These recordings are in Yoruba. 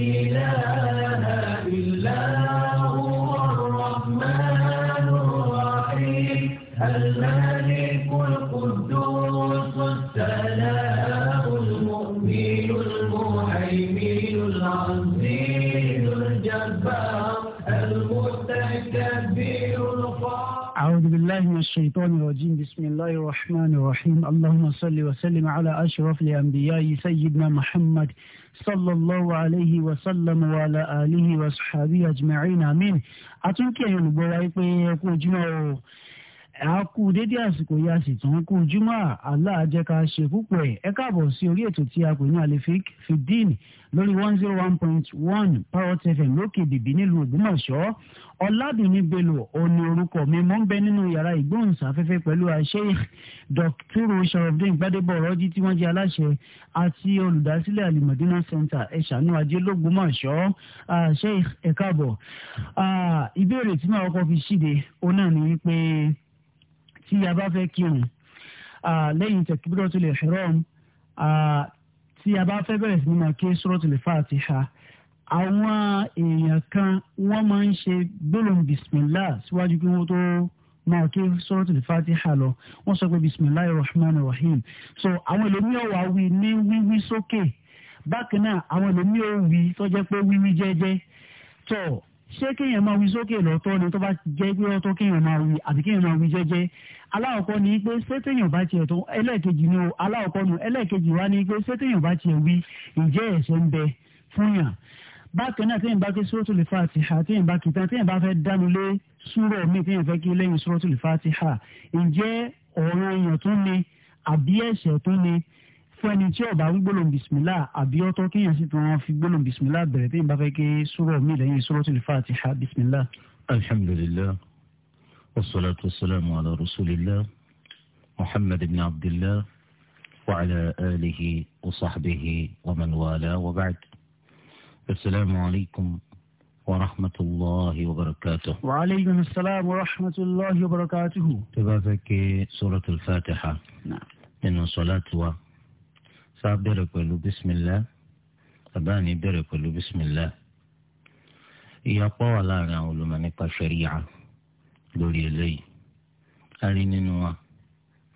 إله إلا هو الرحمن الرحيم الملك القدوس المؤمن المهيمن العزيز الجبار المتكبر أعوذ بالله من الشيطان الرجيم بسم الله الرحمن الرحيم اللهم صل وسلم على أشرف الأنبياء سيدنا محمد sallallahu alayhi wa sallam wa ala alihi wa sahabi ajma'in amin àtúnkì ẹ̀yìn olùgbọ́ wa pé ẹkú ojúmọ́ o a kú dédé àsìkò yìí a sì tún kú ojúmọ́ Allah jẹ́ ká ṣe púpọ̀ ẹ̀ ẹ káàbọ̀ sí orí ètò tí a pè ní alefik fidin lórí one zero one point one parrot fm lókè bìbí nílùú Ògbómọ̀ṣọ́ ọ̀làdùnní bello òní orúkọ mi mò ń bẹ nínú yàrá ìgbóhùnsáfẹ́fẹ́ pẹ̀lú Sheikh Dr. sharafdin gbadebo ọ̀rọ̀jì tí wọ́n jẹ́ aláṣẹ àti olùdásílẹ̀ alimọ̀dínà center ẹ̀ṣánú ajé lógúnmọ̀ṣọ́ Sheikh ẹ káàbọ̀ ìbéèrè tí màá kọ́ fi ṣíde òun náà ni wípé tí a bá fẹ́ kírun lẹ́yìn takbiratul ihram tí a bá fẹ́ bẹ̀rẹ̀ sí ní Fatiha àwọn èèyàn kan wọ́n máa ń ṣe gbólóhùn bisimilá síwájú kí wọ́n tó máa kí suratul fatiha lọ wọ́n sọ pé bisimilahi rahman rahim so àwọn ẹlòmíràn wà wí ní wíwí sókè bákan náà àwọn ẹlòmíràn wí tó jẹ́ pé wíwí jẹ́jẹ́ tó ṣé kéèyàn máa wí sókè lọ́tọ̀ ni tó bá jẹ́ pé ọ̀tọ̀ kéèyàn máa wí àbí kéèyàn máa wí jẹ́jẹ́ aláwọ̀kọ́ ni pé ṣé téèyàn bá tiẹ̀ tó ẹlẹ́ẹ̀kejì ni o aláwọ̀kọ́ nu ẹlẹ́ẹ̀kejì wá ni pé ṣé téèyàn bá wí ǹjẹ́ ẹ̀ṣẹ̀ ń bẹ fún bákan náà téèyàn bá ké suratul fatiha téèyàn bá kìtàn téèyàn bá fẹ́ dánu lé súrọ̀ mi téèyàn fẹ́ kí lẹ́yìn suratul fatiha ǹjẹ́ ọ̀ràn èèyàn tó ni àbí ẹ̀ṣẹ̀ tó ni fún ẹni tí ó bá ń gbólóhùn bisimilá àbí ọ̀tọ̀ kéèyàn sì tún fi gbólóhùn bisimilá bẹ̀rẹ̀ téèyàn bá fẹ́ ké súrọ̀ mi lẹ́yìn suratul fatiha bisimilá. alhamdulillah wa ala wa sahbihi wa man السلام عليكم ورحمة الله وبركاته وعليكم السلام ورحمة الله وبركاته تبارك سورة الفاتحة نعم إن صلاة و سابرك بسم الله أباني برك بسم الله يقول لنا علماء شريعة lórí eléyìí a rí nínú wa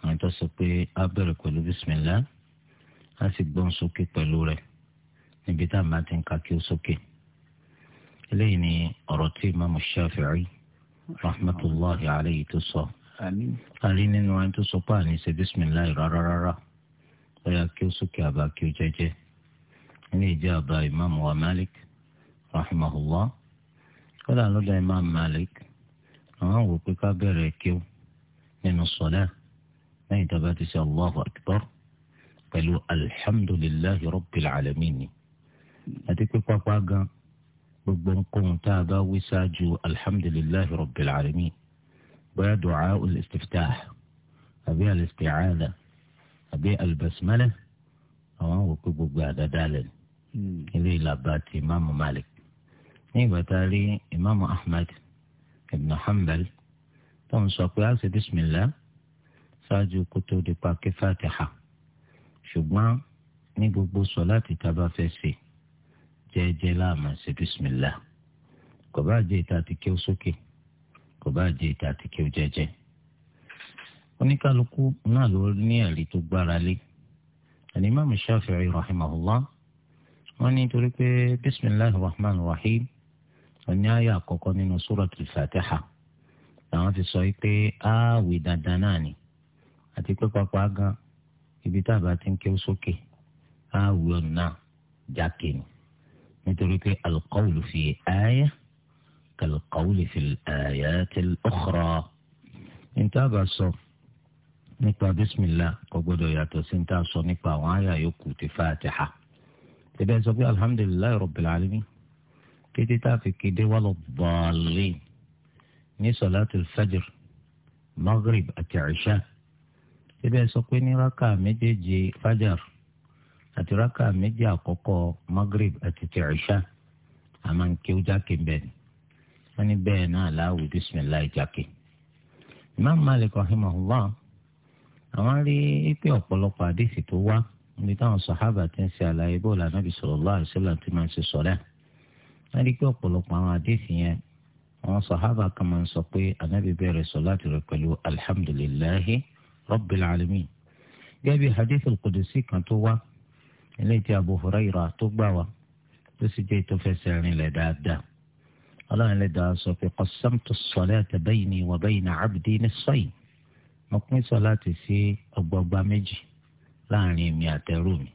àwọn tó sọ pé a bẹ̀rẹ̀ pẹ̀lú níbi tá a máa ti ń ka kí ó sókè eléyìí ni ọ̀rọ̀ tí imaamu shafi'i rahmatulahi alayhi tó sọ àrí nínú ẹni tó sọ pé àní ṣe bisimilahi rárá rárá ó yà kí ó sókè àbá kí ó jẹ́jẹ́ ilé ìjẹ́ àbá imaamu wa malik rahmahulah kódà lọ́dọ̀ imaamu malik àwọn wò pé ká bẹ̀rẹ̀ kí ó nínú sọ̀lá lẹ́yìn tó bá ti ṣe allahu akbar pẹ̀lú alhamdulilahi rabbil alamin ni àti pé pápá gan gbogbo nǹkan tá a bá wí ṣáájú alhamdulilayi rabbil alamin bóyá du'a al-istiftah àbí al-isti'aza àbí al-basmala àwọn wò pé gbogbo àdáda lẹ hmm. ilé ìlàbà ti imaamu malik ní ìgbà tá a rí imaamu ahmed ibn hanbal tó ń sọ pé a ṣe bisimilah ṣáájú kó tó kí fatiha ṣùgbọ́n ní gbogbo sọ láti tábà fẹ́ ṣe jẹ́ẹ́jẹ́ láàmú ṣe bísímìlá kò bá jẹ́ ìta àti kí ó sókè kò bá jẹ́ ìta àti kí ó jẹ́ẹ́jẹ́. oníkálukú náà ló ní ẹ̀rí tó gbára lé alimami shafi'i rahimahullah wọ́n ní torí pé bisimilahi rahman rahim oní àyà àkọ́kọ́ nínú suratul fatiha làwọn ti sọ pé aáwì dandan náà ni àti pé pápá gan ibi tá a bá ti ń kí sókè aáwì ọ̀nà jákè ni. نتوري القول في آية كالقول في الآيات الأخرى انت أبسو نقطة بسم الله قبود يا توسين تاسو نقطة وعيا يكو تفاتحة تبين سبي الحمد لله رب العالمين كي تتافي كي دي ولو الضالين ني صلاة الفجر مغرب أتعشاء تبين سبي نراكا مجيجي فجر àti rákà méjì àkọ́kọ́ magrib àti tẹ̀ríṣà a máa ń ké ó jákè bẹ́ẹ̀ ni wọ́n ní bẹ́ẹ̀ náà láwù bisimilayi jákè. imam malik rahimahullah àwọn rí ipe ọ̀pọ̀lọpọ̀ àdéhìí tó wá níbi táwọn sọ̀hábà ti ń ṣe àlàyé bó la nàbì sallallahu alaihi wasallam ti máa ń ṣe sọ̀rẹ́ wọ́n rí pé ọ̀pọ̀lọpọ̀ àwọn àdéhìí yẹn àwọn sọ̀hábà kan máa ń sọ pé ànábì bẹ̀rẹ̀ sọ̀láàtì rẹ̀ pẹ̀lú alhamdulillahi rabbil alamin gẹ́gẹ́ bí hadith al-qudusi kan tó wá eléyìí tí Abu Hurairah tó gbà wá tó sì jẹ́ tó fẹsẹ̀ rinlẹ̀ dáadáa ọlọ́run lè dáa sọ pé qassamtu as-salata bayni wa bayna 'abdi nisfayn mo pín sọláàtì sí ọgbọgba méjì láàrin èmi àtẹrù mi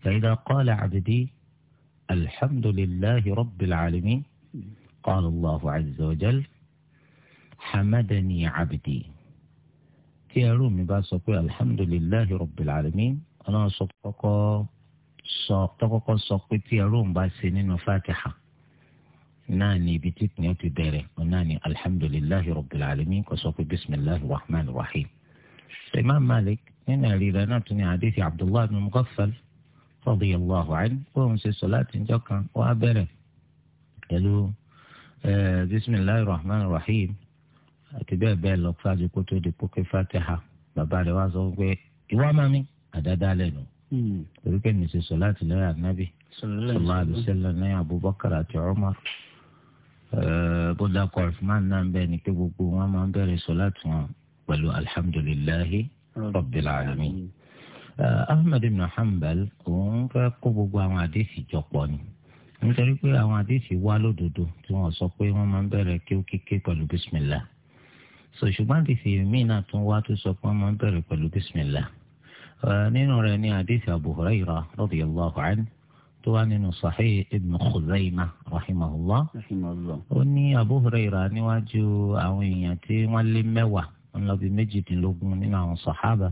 fa idha qala 'abdi alhamdulillahi rabbil 'alamin qala hamadani 'abdi tí ẹrú mi bá sọ pé alhamdulillahi rabbil 'alamin ọlọ́run sọ kọ́kọ́ sọ tọ́kọ́kọ́ sọ pé tí ẹrú òun bá ṣe nínú fatiha náà ni ibi tí kìnìún ti bẹ̀rẹ̀ náà ni alhamdulillahi rabbil alamin kò sọ pé bisimilahi rahman rahim. imam malik nínú ìrírẹ́ náà tún ní hadithi abdullahi bin mughaffal radiyallahu anhu kó òun ṣe sọ láti njọ́ kan ó á bẹ̀rẹ̀ pẹ̀lú bisimilahi rahman rahim àti bẹ́ẹ̀ bẹ́ẹ̀ lọ fájú kó tó di fatiha bàbá rẹ̀ wá sọ pé ìwà máa mi àdáda lẹ́nu hmm. torí pé ní ṣe sọláàtì lẹ́yìn ànábì sọlá àbísẹ́lẹ̀ lẹ́yìn abubakar àti umar bódà kọ̀ọ̀fùmáà náà ń bẹ̀ ni pé gbogbo wọn máa ń bẹ̀rẹ̀ sọláàtì wọn pẹ̀lú alihamudulilayi rabbil alamin. ahmed ibn hanbal òun fẹ́ kó gbogbo àwọn àdéhì jọ pọ̀ ni nítorí pé àwọn àdéhì wá lódodo tí wọ́n sọ pé wọ́n máa ń bẹ̀rẹ̀ kí ó kíké pẹ̀lú bisimilah so ṣùgbọ́n àdéhì míì náà tún wá tó sọ pé wọ́n máa ń bẹ̀rẹ̀ pẹ̀lú bisimilah nínú rẹ̀ ní hadith Abu Hurairah radiyallahu anhu tó wá nínú Sahih Ibn Khuzaimah rahimahullah ó ní Abu Hurairah níwájú àwọn èèyàn tí wọ́n lé mẹ́wàá ńlọ bíi méjìdínlógún nínú àwọn sàhábà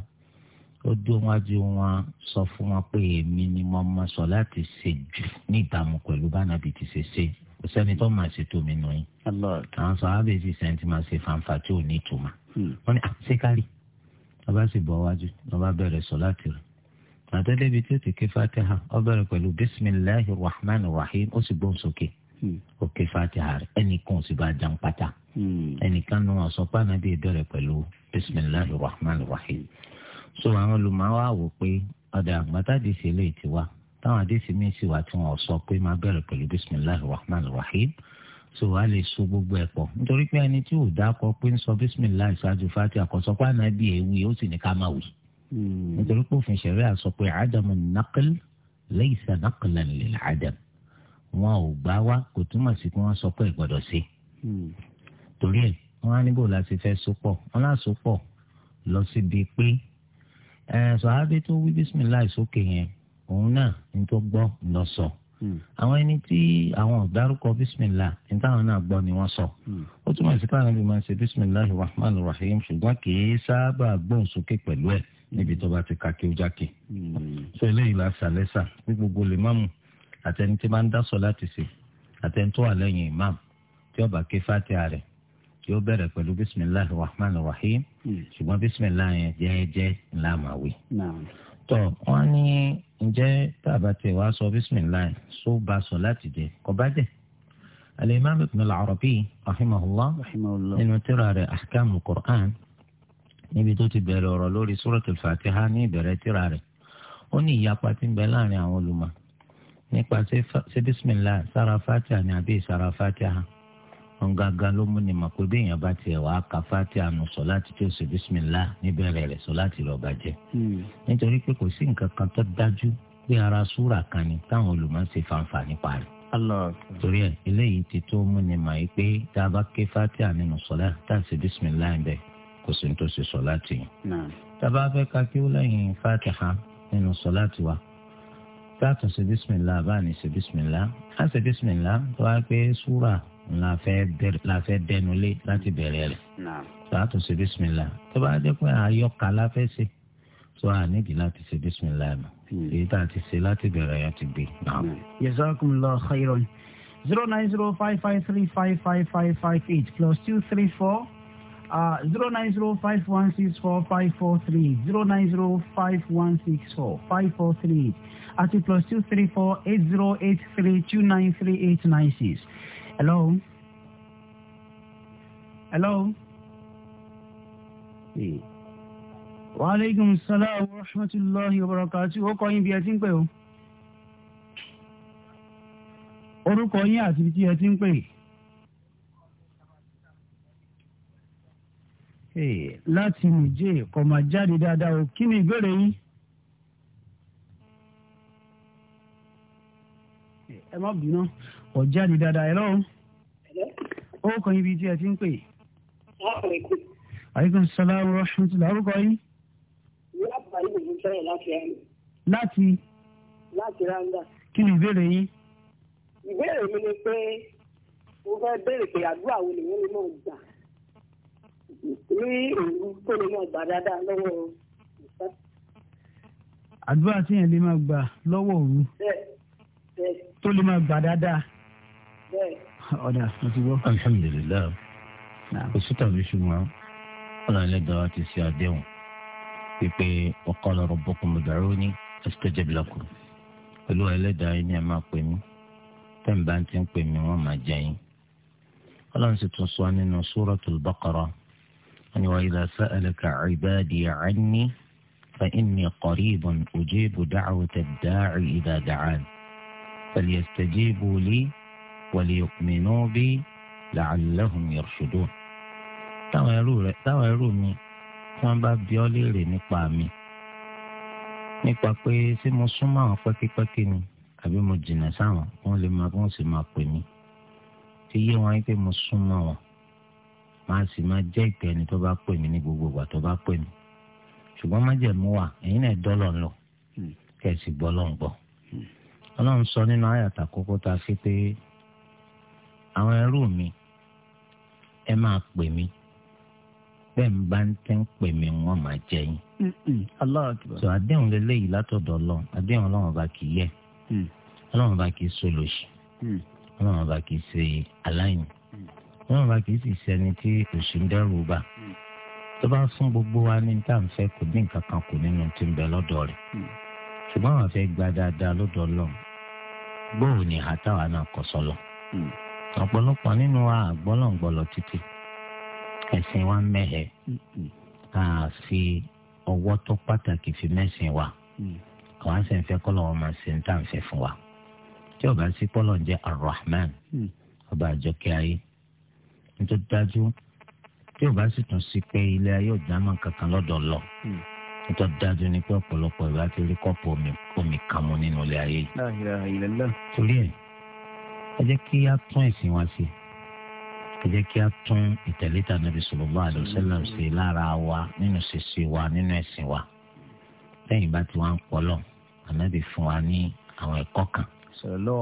ó dún wájú wọn sọ fún wọn pé èmi ni mo máa sọ láti ṣe jù ní ìdààmú pẹ̀lú bánàbí ti ṣe ṣe kò sẹ́ni tó máa ṣe tómi nù yín àwọn sọ ábẹ́sì sẹ́ńtì máa ṣe fanfa tí ò ní ìtumọ̀ hmm. wọ́n ní àṣekárí ah, bàbá sì bọ́ wájú bàbá bẹ̀rẹ̀ sọ̀láàtì rẹ̀ àtẹ́lẹ́ ibi tí ó ti ké fatiha ó bẹ̀rẹ̀ pẹ̀lú bisimilahi rahman rahim ó sì gbóhùn sókè hmm. ó ké fatiha rẹ̀ ẹnìkan ò sì bá jan pátá hmm. ẹnìkan nù ọ̀sọ́pá náà bí bẹ̀rẹ̀ pẹ̀lú bisimilahi rahman rahim so àwọn olùmọ̀wá wò pé ọ̀dà àgbàtà di sí ilé ìtiwá táwọn àdéhìí mi sì wá tí wọn sọ pé máa bẹ̀rẹ̀ pẹ̀lú bisimilahi rahman rahim so a lè so gbogbo ẹ̀ pọ̀ nítorí pé ẹni tí ò dákọ pé ń sọ bísímìláì ṣáájú fati àkọsọ pé ànábì èwi ó sì ní ká máa wì hmm. nítorí pé òfin ṣẹ̀ríà sọ pé àdàmù nàkìl laysa nàkìlan lil àdàm wọn ò gbá wa kò túmọ̀ sí pé wọ́n sọ pé ìgbọ́dọ̀ sí hmm. torí ẹ̀ wọn á níbò láti fẹ́ sopọ̀ wọn á sopọ̀ lọ síbi pé ẹ̀ sọ̀hábí tó wí bísímìláì sókè yẹn òun náà ní tó gbọ́ lọ sọ. So Hmm. àwọn ẹni tí àwọn ọ̀dárúkọ bísímìlá ní táwọn náà gbọ́ ni wọ́n sọ hmm. ó túmọ̀ sí káwọn ẹbí máa ń ṣe bísímìláhi rahman rahim ṣùgbọ́n kì í sábà gbọ́n sókè pẹ̀lú ẹ̀ níbi tó bá ti ka kí ó jákè hmm. so eléyìí la ṣàlẹ́sà ní gbogbo lè máàmù àtẹni tí máa ń dá sọ láti ṣe àtẹni tó wà lẹ́yìn imam tí ó bá ké fatiha rẹ̀ tí ó bẹ̀rẹ̀ pẹ̀lú bisimilahi rahman rahim ṣùgbọ́n bisimilahi yẹn jẹ́ẹ́jẹ́ ńlá màwí tọ wọn ní ǹjẹ́ tàbá tẹ wàá sọ bisimilayi so bá sọ láti jẹ kọ bá jẹ alimami ibn al-arabi rahimahullah nínú tírà rẹ̀ ahkamu qur'an níbi tó ti bẹ̀rẹ̀ ọ̀rọ̀ lórí suratul fatiha ní ìbẹ̀rẹ̀ tírà rẹ̀ ó ní ìyapa tí ń bẹ láàrin àwọn olùmọ̀ nípa ṣe bisimilayi sára fatiha ní àbí sára fatiha ọ̀ngangan ló mú ni mà pé bí èèyàn bá tiẹ̀ wá ka fati àánú sọ láti tí ó ṣe bísímìlá níbẹ̀rẹ̀ rẹ̀ sọ láti lọ́ọ́ bàjẹ́. Hmm. nítorí pé kò sí nǹkan kan tó dájú pé ara súrà kan ni táwọn olùmọ̀ ṣe fanfà nípa rẹ̀. torí ẹ eléyìí ti tó mú ni mà pé tá a bá ké fati àánú sọlá tá a ṣe bísímìlá ń kò sí tó ṣe sọ láti yìí. tá fẹ́ ka kí ó lẹ́yìn fatiha nínú sọ láti wa tá a tún ṣe bísímìlá la fẹ́ dẹnu lé láti bẹ̀rẹ̀ rẹ̀ tó a tún ṣe bísímìlá tó bá dé pé àyọkà la fẹ́ ṣe tó a nídìí láti ṣe bísímìlá nù hmm. èyí tá a ti ṣe láti bẹ̀rẹ̀ yẹn ti gbé. jazakumullahu khairan zero nine zero five five three five five five five eight plus two three four uh, zero nine zero five one six four five four three zero nine zero five one six four five four three àti plus two three four eight zero eight three two nine three eight nine six hello hello. wa aleykum salaam wa rahmatulahi wa barakati ó kọ́ bí ẹ ti ń pè o. orúkọ yín àti ibi tí ẹ ti ń pè. láti nìjẹ́ kó máa jáde dáadáa o kí ni ìbéèrè yín. ẹ má bínú kò jáde dáadáa ẹ lọ́wọ́. ó kàn yín bíi tí ẹ ti ń pè. aleykum salaam wa rahmatulah orúkọ yín. láti. láti ranga. kí ni ìbéèrè yín. ìbéèrè mi ni pé mo fẹ́ béèrè pé àdúrà wo lèyìn lè máa gbà ní òru tó lè máa gbà dáadáa lọ́wọ́ ìfẹ́. àdúrà tí yẹn lè máa gbà lọ́wọ́ òru tó lè máa gbà dáadáa ọ̀dà mo ti gbọ́. alhamdulilayi kò sí tàbí ṣùgbọ́n ọ̀nà ẹlẹ́dàá ti ṣe àdéhùn pípé ọkọ lọ́rọ̀ bọ́kùn mọ̀dàrú ní ẹsítẹ́jẹ́ bìlákùn pẹ̀lú ẹlẹ́dàá yìí ni ẹ máa pè mí tẹ́ǹbà ti ń pè mí wọ́n máa jẹ́ yín. ọlọ́run sì tún sọ nínú súrọ̀tù bọ́kọ̀rọ̀ wọn ni wọ́n ẹlẹ́kà ìbáàdì àání fẹ́ẹ́nì kọ̀rí ìbọn òjì ìbùdá àwòtẹ̀ dáàrí ìdàdàán pẹ̀lú ẹsítẹ́jẹ́ wàlíyọ̀kùnmínú bí làálẹ́hùn yọ̀ṣọ́dọ̀. táwọn ẹrú rẹ táwọn ẹrú mi tí wọ́n bá bi ọ́ léèrè nípa mi nípa pé ṣé mo súnmọ́ àwọn pẹ́kípẹ́kí ni àbí mo jìnnà sáwọn wọ́n lè máa wọ́n sì máa pè mí ti yé wọn pé mo súnmọ́ wọn máa sì máa jẹ́ ìpẹ́ ẹni tó bá pè mí ní gbogbo ìgbà tó bá pè mí ṣùgbọ́n májẹ̀mú wà ẹ̀yin náà dọ́lọ̀ ńlọ hmm. kẹ̀sì gbọ́ lọ́n gbọ́ hmm. ọlọ́run sọ nínú àyàtà kókó ta sí pé àwọn ẹrú mi ẹ máa pè mí bẹ́ẹ̀ ń bá ń tẹ́ ń pè mí wọ́n máa jẹ yín. sọ àdéhùn lélẹ́yìí látọ̀dọ̀ ọlọ́run àdéhùn ọlọ́run ọba kì í yẹ mm. ọlọ́run ọba kì í sọlọ́sì mm. ọlọ́run ọba kì í ṣe aláìní mm. ọlọ́run ọba kì í sì ṣẹni tí òṣì ń dẹ́rù bá tó bá fún gbogbo wa ní tá à ń fẹ́ kò ní nǹkan kan kù nínú tí ń bẹ lọ́dọ̀ rẹ̀ ṣùgbọ́n àwọn afẹ́ gba dáadáa lọ́dọ̀ ọlọ́run gbóòó ni àtàwọn náà ọ̀pọ̀lọpọ̀ nínú wa àgbọ́lọ̀ngbọ̀lọ̀ títì ẹ̀sìn wa mẹ́hẹ̀ ká fi ọwọ́ tó pàtàkì fi mẹ́sìn wa àwọn àṣẹ ń fẹ́ kọ́lọ̀ wọn máa ṣe ń tà ń fẹ́ fún wa tí ọba sí kọ́lọ̀ ń jẹ́ arahman ọba àjọkẹ́ ayé nítorí dájú tí ọba sì tún sí pé ilé ayé òjàmọ̀ kankan lọ́dọ̀ lọ nítorí dájú ni pé ọ̀pọ̀lọpọ̀ ìwà ti rí kọ́pù omi kan mu nínú ilé ayé yìí. torí ẹ̀ ẹ jẹ́ kí a tún ẹ̀sìn wa ṣe ẹ jẹ́ kí a tún ìtẹ̀lẹ́tà nàbì sallallahu alaihi wasallam ṣe lára wa nínú ṣẹṣẹ wa nínú ẹ̀sìn wa lẹ́yìn bá ti wá ń pọ̀lọ̀ ànábì fún wa ní àwọn ẹ̀kọ́ kan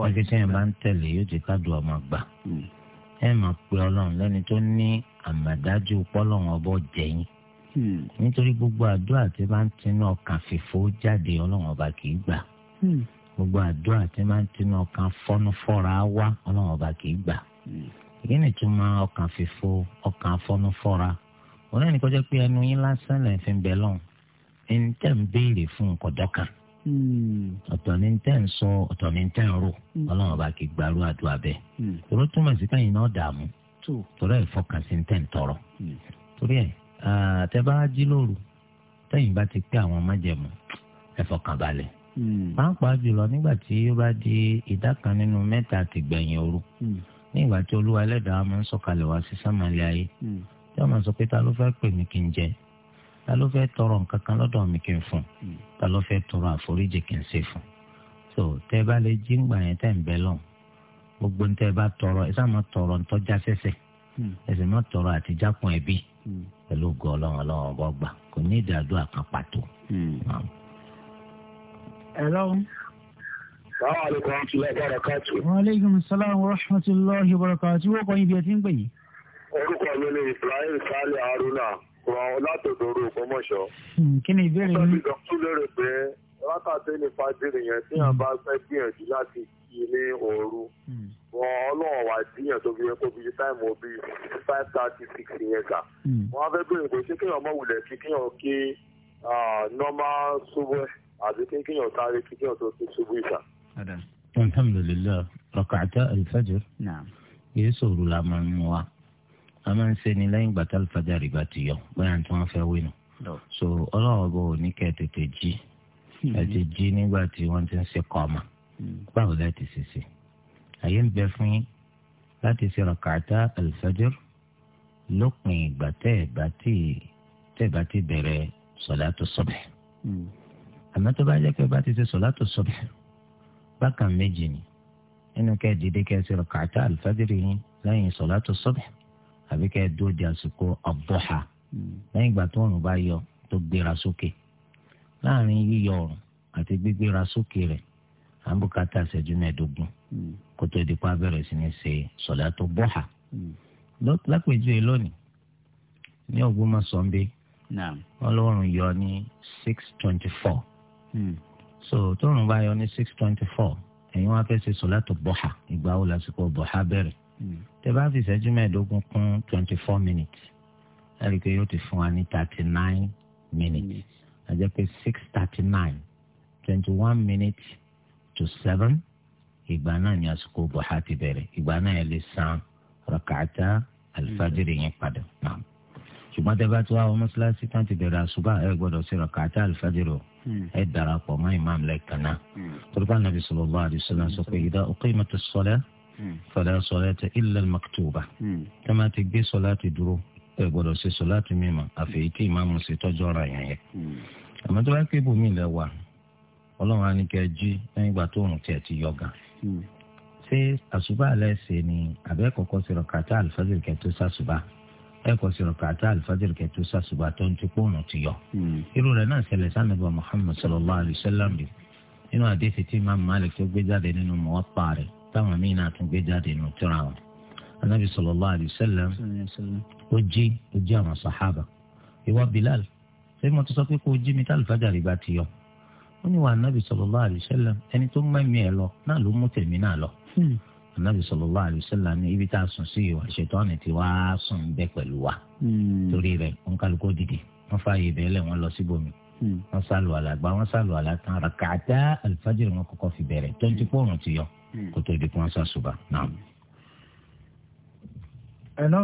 wọ́n ti sẹ́yìn bá ń tẹ̀lé yóò ti kádùn ọmọ gbà hmm. ẹ máa pe ọlọ́run lẹ́ni tó ní àmàdájú pọ́lọ́run ọbọ̀ jẹ̀yìn hmm. nítorí gbogbo àdúrà tí bá ń tinú ọkàn fìfó jáde ọlọ́run ọba kì í gbà hmm gbogbo àdúrà tí máa ń tinú ọkàn fọ́nú fọ́ra wá ọlọ́run ọba kì í gbà. èyí hmm. ni tún máa ọkàn fífo ọkàn fọ́nú fọ́ra òun náà ní kọjá pé ẹnu yín lásán lè fi bẹ̀ lọ́hùn ẹni tẹ́ ń béèrè fún ọ̀dọ́ hmm. ọ̀tọ̀ ni tẹ́ ń sọ ọ̀tọ̀ ni tẹ́ ń rò hmm. ọlọ́run ọba kì í gbàrú àdúrà bẹ́ẹ̀ tòró túmọ̀ sí káyìn náà dààmú tòró ìfọkànsí tẹ́ ń tọrọ torí ẹ̀ tẹ́ bá jí lóru tẹ́yìn Hmm. pàápàá jùlọ nígbà tí ó bá di ìdá kan nínú mẹ́ta àti gbẹ̀yìn òru hmm. nígbà tí olúwa ẹlẹ́dàá máa ń sọ̀kalẹ̀ wá sí sámàlẹ̀ ayé hmm. tí wọ́n máa sọ pé ta ló fẹ́ pè mí kí n jẹ ta ló fẹ́ tọrọ nǹkan kan lọ́dọ̀ mi kí n fún ta ló fẹ́ tọrọ àforíjì kí n ṣe fún so tẹ́ bá lè jí ngbà yẹn tẹ́ ń bẹ lọ́hùn gbogbo ntẹ́ bá tọrọ ẹ sáà máa tọrọ ntọ́já sẹ́sẹ̀ ẹ sì máa tọrọ àtijákun ẹbí pẹ̀lú ògo ọlọ́run ọlọ́run ọgbọ́gba kò ní ìdádúrà kan pàtó. Hello. Sàmàlùkọ́ Àtúlẹ̀ Bàràkàtù. Wọ́n aleykum salaam wa rahmatulahi wa barakatu. Wọ́n kọ́ ibi ẹ̀ tí ń pè yìí. Orúkọ mi ni Ibrahim Sálẹ̀ Haruna, ọ̀rọ̀ látòdòrò Ògbómọ̀ṣọ́. Hmm, kí ni ìbéèrè yín? Mo tẹ́lẹ̀ dọ́kítù lérò pé látàtẹ́ ní fàdírì yẹn tí a hmm. bá fẹ́ gbìyànjú láti kí ní òru. Hmm. Wọ́n ọlọ́run wà díyàn tó fi yẹ kó fi ṣe táìmù òbí five thirty six yẹn kà. Wọ́n á fẹ́ gbìyànjú pé kéèyàn mọ̀ wulẹ̀ kí kéèyàn kí ah, normal sober àti pé kí yàn sáré kí yàn tó tún ṣubú ìta. alhamdulilayi rakata alfajr yìí sọ̀rọ̀ la máa ń wá a máa ń ṣe ni lẹ́yìn gbàtà alfajr rìbá ti yọ bóyá tí wọ́n fẹ́ wí nù. so ọlọ́run bò ní kẹ́ ẹ tètè jí hmm. ẹ ti jí nígbà tí wọ́n ti ń ṣe kọ́ ọmọ hmm. báwo la ti ṣe ṣe àyè ń bẹ fún yín láti ṣe rakata alfajr lópin ìgbà tẹ́ ẹ̀ bá ti bẹ̀rẹ̀ sọ̀lá tó sọ̀bẹ̀ àmọ́ tó bá jẹ́ pé bá ti ṣe sọ̀látù subh bákan méjì ni nínú kẹ́ dìde kẹ́ ṣe rọ̀kàtà àlùfáàdìrì yín lẹ́yìn sọ̀látù subh àbí kẹ́ dúró di àsìkò àbọ̀hà lẹ́yìn ìgbà tó òrùn bá yọ tó gbéra sókè láàrin yíyọ òrùn àti gbígbéra sókè rẹ̀ àbúkátà ṣẹ́jú mẹ́ẹ̀ẹ́dógún kó tó di pa bẹ̀rẹ̀ sí ní ṣe sọ̀látù bọ̀hà lápèjú ẹ lónìí ní Ògbómọ̀ṣọ́ ń bẹ Ọlọ́run yọ ní six twenty four Hmm. so tóòrùn bá yọ ní six twenty four ẹ̀yin wá fẹ́ ṣe sọ̀látò bọ́hà ìgbà wo lásìkò bọ́hà bẹ̀rẹ̀ hmm. tẹ bá fi ìṣẹ́jú mẹ́ẹ̀ẹ́dógún kún twenty four minutes ẹ̀rí pé yóò ti fún wa ní thirty nine minutes àjẹ́ pé six thirty nine twenty one minutes to seven ìgbà náà ni àsìkò bọ́hà ti bẹ̀rẹ̀ ìgbà náà ẹ lè san rakata alifajiri yẹn padà ṣùgbọ́n tẹ bá ti wá ọmọ síláṣí tán ti bẹ̀rẹ̀ àṣùbà ẹ gbọ́dọ̀ ṣe rakata alifajiri o. Hmm. ẹ darapọ̀ mọ́ imam lẹ́ẹ̀kan náà hmm. torí bá nàbí sallallahu alaihi wasallam sọ pé idha uqimatis salah hmm. fala salata illa al-maktuba kí wọ́n ti gbé sọlá ti dúró ẹ gbọ́dọ̀ ṣe sọlá ti mímọ́ àfẹ́yí tí imam ṣe tọ́jú ọ̀rọ̀ yẹn yẹn àmọ́ tó bá pé ibùmí lẹ wà ọlọ́run á ní kẹ́ jí lẹ́yìn ìgbà tó òun tiẹ̀ ti yọ ṣé àṣùbà alẹ́ ṣe ni àbẹ́ kọ̀ọ̀kan ṣe rọ̀kàtà àlùfáàsì kẹ́ ẹ kò sí rọkàtà alifájọ kẹtù sàṣùgbà tó ń ti kóòrùn ti yọ. Hmm. irú rẹ̀ náà ṣẹlẹ̀ sànàbà muhammed sallallahu alayhi wa sallam bi nínú àdéhùn tí imam malik tó gbé jáde nínú muwatta rẹ̀ táwọn míín náà tún gbé jáde nínú tírà wọn. anabi sallallahu alayhi wa sallam ó jí ó jí àwọn sàhábà ìwà bilal ṣé mo ti sọ pé kó jí mi tá alifájọ bá ti yọ. ó ní wà anabi sallallahu alayhi wa sallam ẹni tó mẹ́mí ẹ lọ náà ló mú tèmi náà lọ. Hmm anabi sallallahu alaihi wasallam ní ibi tá a sùn sí ìwà ṣètọ́ni tí wàá sùn bẹ́ẹ̀ pẹ̀lú wa. Hmm. torí rẹ̀ wọn kálukó dìde wọn fààyè bẹ́ẹ̀lẹ̀ wọn lọ síbòmí. Hmm. wọn sálù àlàgbà wọn sálù àlàtàn rakata alifajiri wọn kọ́kọ́ fi bẹ̀rẹ̀ hmm. tó ń ti yọ kó tó di kí wọn sàṣùbà náà. hello.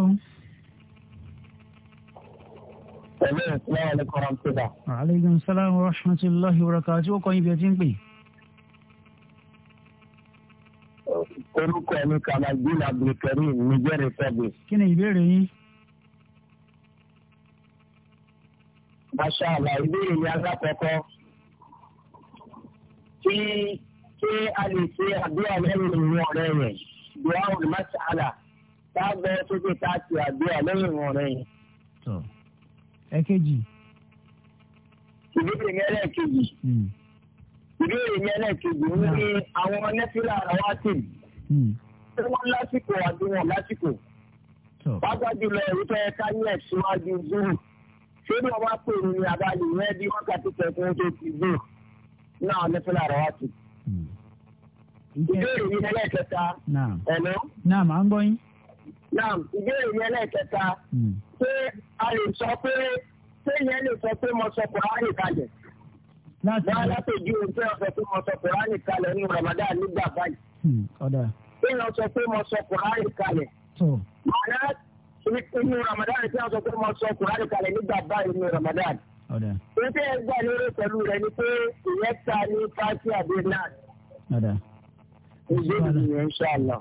ẹ̀mí ìsìlámù alaikum warahmatullahi wabarakatuh ó kọ́ ibi ẹ ti ń pè é. orúkọ mi kamaldin abdulkareem niger republic. kí ni ìbéèrè yín. mashala ìbéèrè mi alákọ̀ọ́kọ́ kí ṣé a lè ṣe àdúrà lẹ́yìn ìwọ̀n rẹ̀ rẹ̀ dùwà òní mashala tá a gbọ́ sókè tá a ṣe àdúrà lẹ́yìn ìwọ̀n rẹ̀ yẹn. ẹ̀kejì. ìbéèrè mi ẹlẹ́ẹ̀kejì. Hmm ìbéèrè mi ẹlẹ́ẹ̀kejì ní hmm. àwọn nẹ́fílà rawatib tí hmm. wọ́n lásìkò àti wọn lásìkò wákàtí lọ èyí tó yẹ ká ní ẹ̀síwájú zuru ṣé bí wọ́n bá pè mí ní abalẹ̀ ìyẹn bí wákàtí kẹ̀kún tó ti zuru náà nẹ́fílà rawatib. Hmm. ìbéèrè mi ẹlẹ́ẹ̀kẹta ẹ̀lọ́. náà máa ń gbọ́ yín. náà ìbéèrè mi ẹlẹ́ẹ̀kẹta ṣé a lè sọ pé ṣé ìyẹn lè sọ pé mo sọ kùránì kalẹ̀ látòjú ojú ọ̀sẹ̀ tí mo sọ kùránì kalẹ̀ ní Ramadan nígbà báyìí. tí mo sọ pé mo sọ kùránì kalẹ̀. Hmm, màdá inú Ramadan tí mo sọ pé mo sọ kùránì kalẹ̀ nígbà báyìí ní Ramadan. ní tí ẹ gbà lérò pẹ̀lú rẹ ni pé ìyẹn ta ní fásitì àbí náà. ìgbé nìyẹn ṣáàlọ.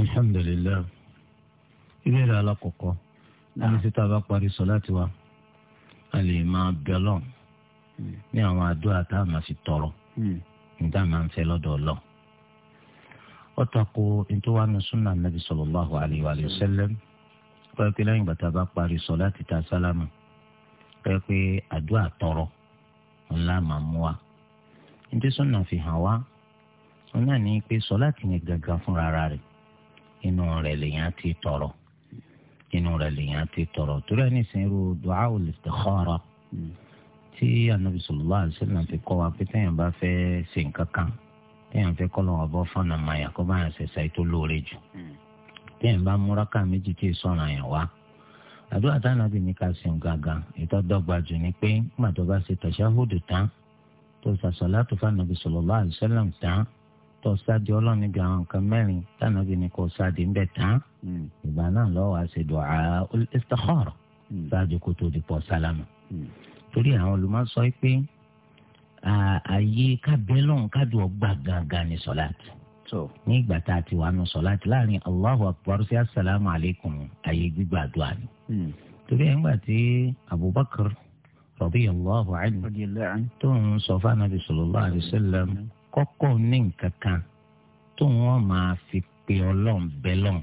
alhamdulilayi ìbéèrè alákọ̀ọ́kọ́ ní sítá bá parí sọ láti wá a lè máa bẹ̀ lọ́n. Mm. ní àwọn àdúrà tá a máa fi tọrọ mm. níta máa ń fẹ́ lọ́dọ̀ ọlọ́ ọ tako ntọ́wánu sunna nabi sallallahu alayhi wa sallam pẹ́ pé lẹ́yìn bàtà bá parí sọ̀láàtì ta sálámù pẹ́ pé àdúrà tọrọ ńlá máa mú wa ntí sunna fi hàn wá wọn náà ní pé sọ̀láàtì yẹn gàgà fúnra rẹ̀ inú rẹ̀ lèyàn ti tọrọ inú rẹ̀ lèyàn ti tọrọ torí ẹni sìn irú du'a ul istikhara. Mm tí anabi sọlọlá àṣìlá fi kọ́ wa pé téèyàn bá fẹ́ ṣe nǹkan kan téèyàn fẹ́ kọ́ lọ́wọ́ bọ́ fọ́nà mayà kó bá yàn ṣẹ̀ṣẹ̀ tó lóore jù hmm. téèyàn bá múra ká méjì tí sọ̀rọ̀ yàn wá àdúrà tánàbì ní ká ṣeun gangan ìtọ́dọ́gba jù ni pé nígbà tó bá ṣe tàṣàhúdù tán tó ṣàṣọlá tó fànàbì sọlọlá àṣìlá tán tó sáde ọlọ́run níbi àwọn nǹkan mẹ́rin tánàbì ní kò sáde ńbẹ̀ tán hmm torí àwọn olùmọ̀ sọ pé ààyè kábẹ́lọ́n kájú ọgbà gangan ní sọ́láàtì ní ìgbà tá a ti wà nù sọ́láàtì láàrin allahu akbar sí asalaamu alaykum ààyè gbígbà àdúà ni. Hmm. torí ẹ̀ ń gbà tí abubakar radiyallahu anhu tó ń sọ fún anabi sallallahu alayhi wa sallam kọ́kọ́ ní nǹkan tó wọ́n máa fi pe ọlọ́run bẹ́lọ́n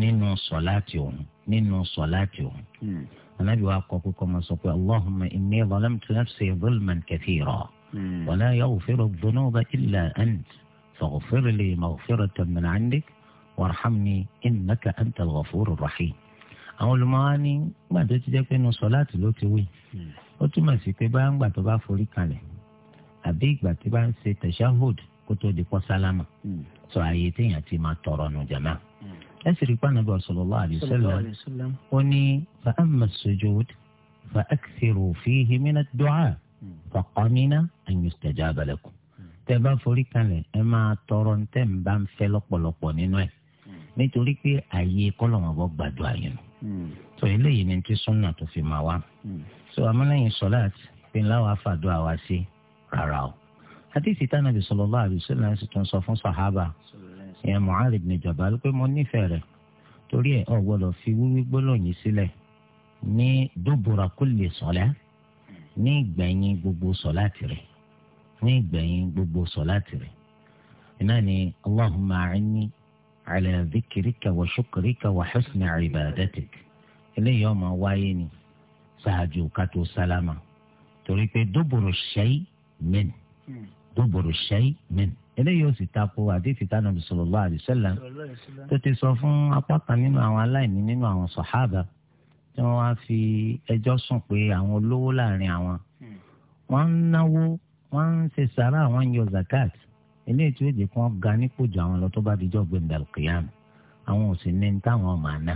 nínú sọ́láàtì òun nínú sọ́láàtì òun. Hmm anabi wa kọ pé kọ́ máa sọ pé allahumma inni zalamtu nafsi zulman kathira hmm. wala yaghfiru dhunuba illa ant faghfir li maghfiratan min 'indik warhamni innaka antal ghafurur rahim àwọn olùmọ̀wá ní gbà tó ti jẹ́ pé inú sọ́láàtì ló ti wí hmm. ó túmọ̀ sí pé bá ń gbà tó bá forí kalẹ̀ àbí ìgbà tí bá ń ṣe tashahhud kó tó di pọ́ sálámà hmm. sọ àyè téèyàn ti máa tọrọ nù jàmáà ẹ sì rí pàànàbí sallallahu alayhi wasallam ó ní fa amma sujud fa akthiru fihi mina du'a fa qamina an yustajaba lakum tẹ́ bá forí kalẹ̀ ẹ máa tọrọ ntẹ n bá ń fẹ́ lọ́pọ̀lọpọ̀ nínú ẹ nítorí pé ààyè kọlọmọbọ gbàdúrà yẹn tó eléyìí ni ti súnà tó fi máa wá so amúnáyìn sọláàtì pinla wàá fàdúrà wá sí rárá o àti ìsìtánà bisalòlá àbísọlá ìyẹn Mu'adh ibn Jabal pé mo nífẹ̀ẹ́ rẹ̀ torí ẹ̀ ọ̀ gbọ́dọ̀ fi wíwí gbólóyìn sílẹ̀ ní dubura kulli salat ní ìgbẹ̀yìn gbogbo sọ̀láàtì rẹ̀ ní ìgbẹ̀yìn gbogbo sọ̀láàtì rẹ̀ iná ni Allahumma a'inni ala dhikrika wa shukrika wa husni ibadatik eléyìí ọmọ wáyé ni ṣáájú kátó sálámà torí pé duburu shay min duburu shay min eléyìí ò sì tako àdéhìí tánàbì sallallahu alaihi wasallam tó ti sọ fún apá kan nínú àwọn aláìní nínú àwọn sàhábà tí wọ́n wá fi ẹjọ́ sùn pé àwọn olówó láàrin àwọn wọ́n ń náwó wọ́n ń ṣe sàrà àwọn ń yọ zakat eléyìí tí ó jẹ́ kí wọ́n ga nípò jù àwọn lọ tó bá dijọ́ gbẹ̀ndàlùkìyàmù àwọn ò sì ní táwọn ọmọ àná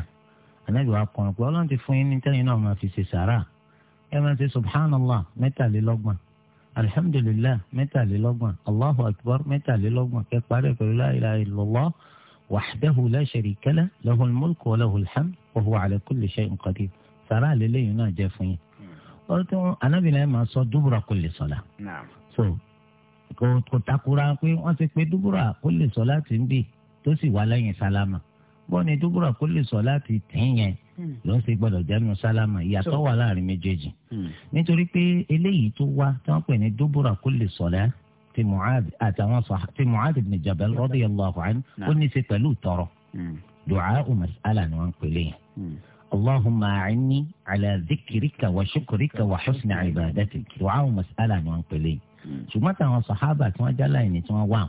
ànábì wa kọrin pé ọlọ́run ti fún yín ní tẹ́yìn náà máa fi ṣe sàrà ẹ máa ṣe subhanallah mẹ́tàlélọ́gbọ̀n alihamdulilayi mẹ́tàlélọ́gbọ̀n allahu akbar mẹ́tàlélọ́gbọ̀n kẹ́ parẹ́ pẹ̀lú la ilaha illallah wahdahu la sharika lahu lahul mulku wa lahul hamd wa huwa ala kulli shay'in qadir sàrà àlélẹ́yìn náà jẹ́ fún yín. ọ̀rọ̀ tí wọ́n anábìnrin máa sọ dubura kulli sala. so kò takura pé wọ́n ti pé dubura kulli sala ti ń bì tó sì wà lẹ́yìn sálámà bọ́ọ̀ni dubura kulli sala ti tì yẹn Hmm. ló ń ṣe gbọ́dọ̀ jẹ́nu sálámà ìyàtọ̀ wà láàrin méjèèjì hmm. nítorí pé eléyìí tó wá tí wọ́n pè ní dubura kulli salat ti Mu'adh àtàwọn sọ ti Mu'adh ibn Jabal radiyallahu anhu ó ní í ṣe pẹ̀lú tọrọ hmm. du'a mas'ala ni wọ́n pèlè yẹn. اللهم أعني على ذكرك وشكرك وحسن عبادتك دعاء مسألة وان قلي ṣùgbọ́n táwọn sàhábà ما جلاني تما وام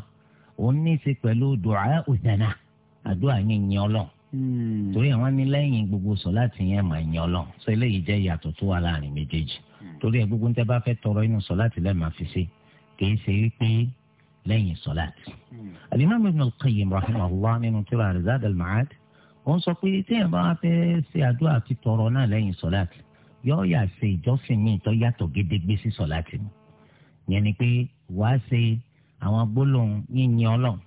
tí wọ́n دعاء ó الدعاء í ṣe Hmm. torí àwọn ní lẹ́yìn gbogbo sọ láti yẹn máa yan lọ sọ eléyìí jẹ́ ìyàtọ̀ tó wà láàrin méjèèjì hmm. torí ẹ gbogbo níta bá fẹ́ tọrọ inú sọ láti lẹ́ẹ̀ máa fi ṣe kìí ṣe wípé lẹ́yìn sọ láti. Hmm. alimami ibn al-qayyim rahimahullah nínú tírà rizad al-ma'ad wọ́n sọ pé téèyàn bá fẹ́ ṣe àdúrà àti tọrọ náà lẹ́yìn sọ láti yóò yà ṣe ìjọsìn míì tó yàtọ̀ gédégbé sí sọ láti ni ìyẹn ni pé wàá ṣe àwọn gbólóhùn yíyan ọlọ́run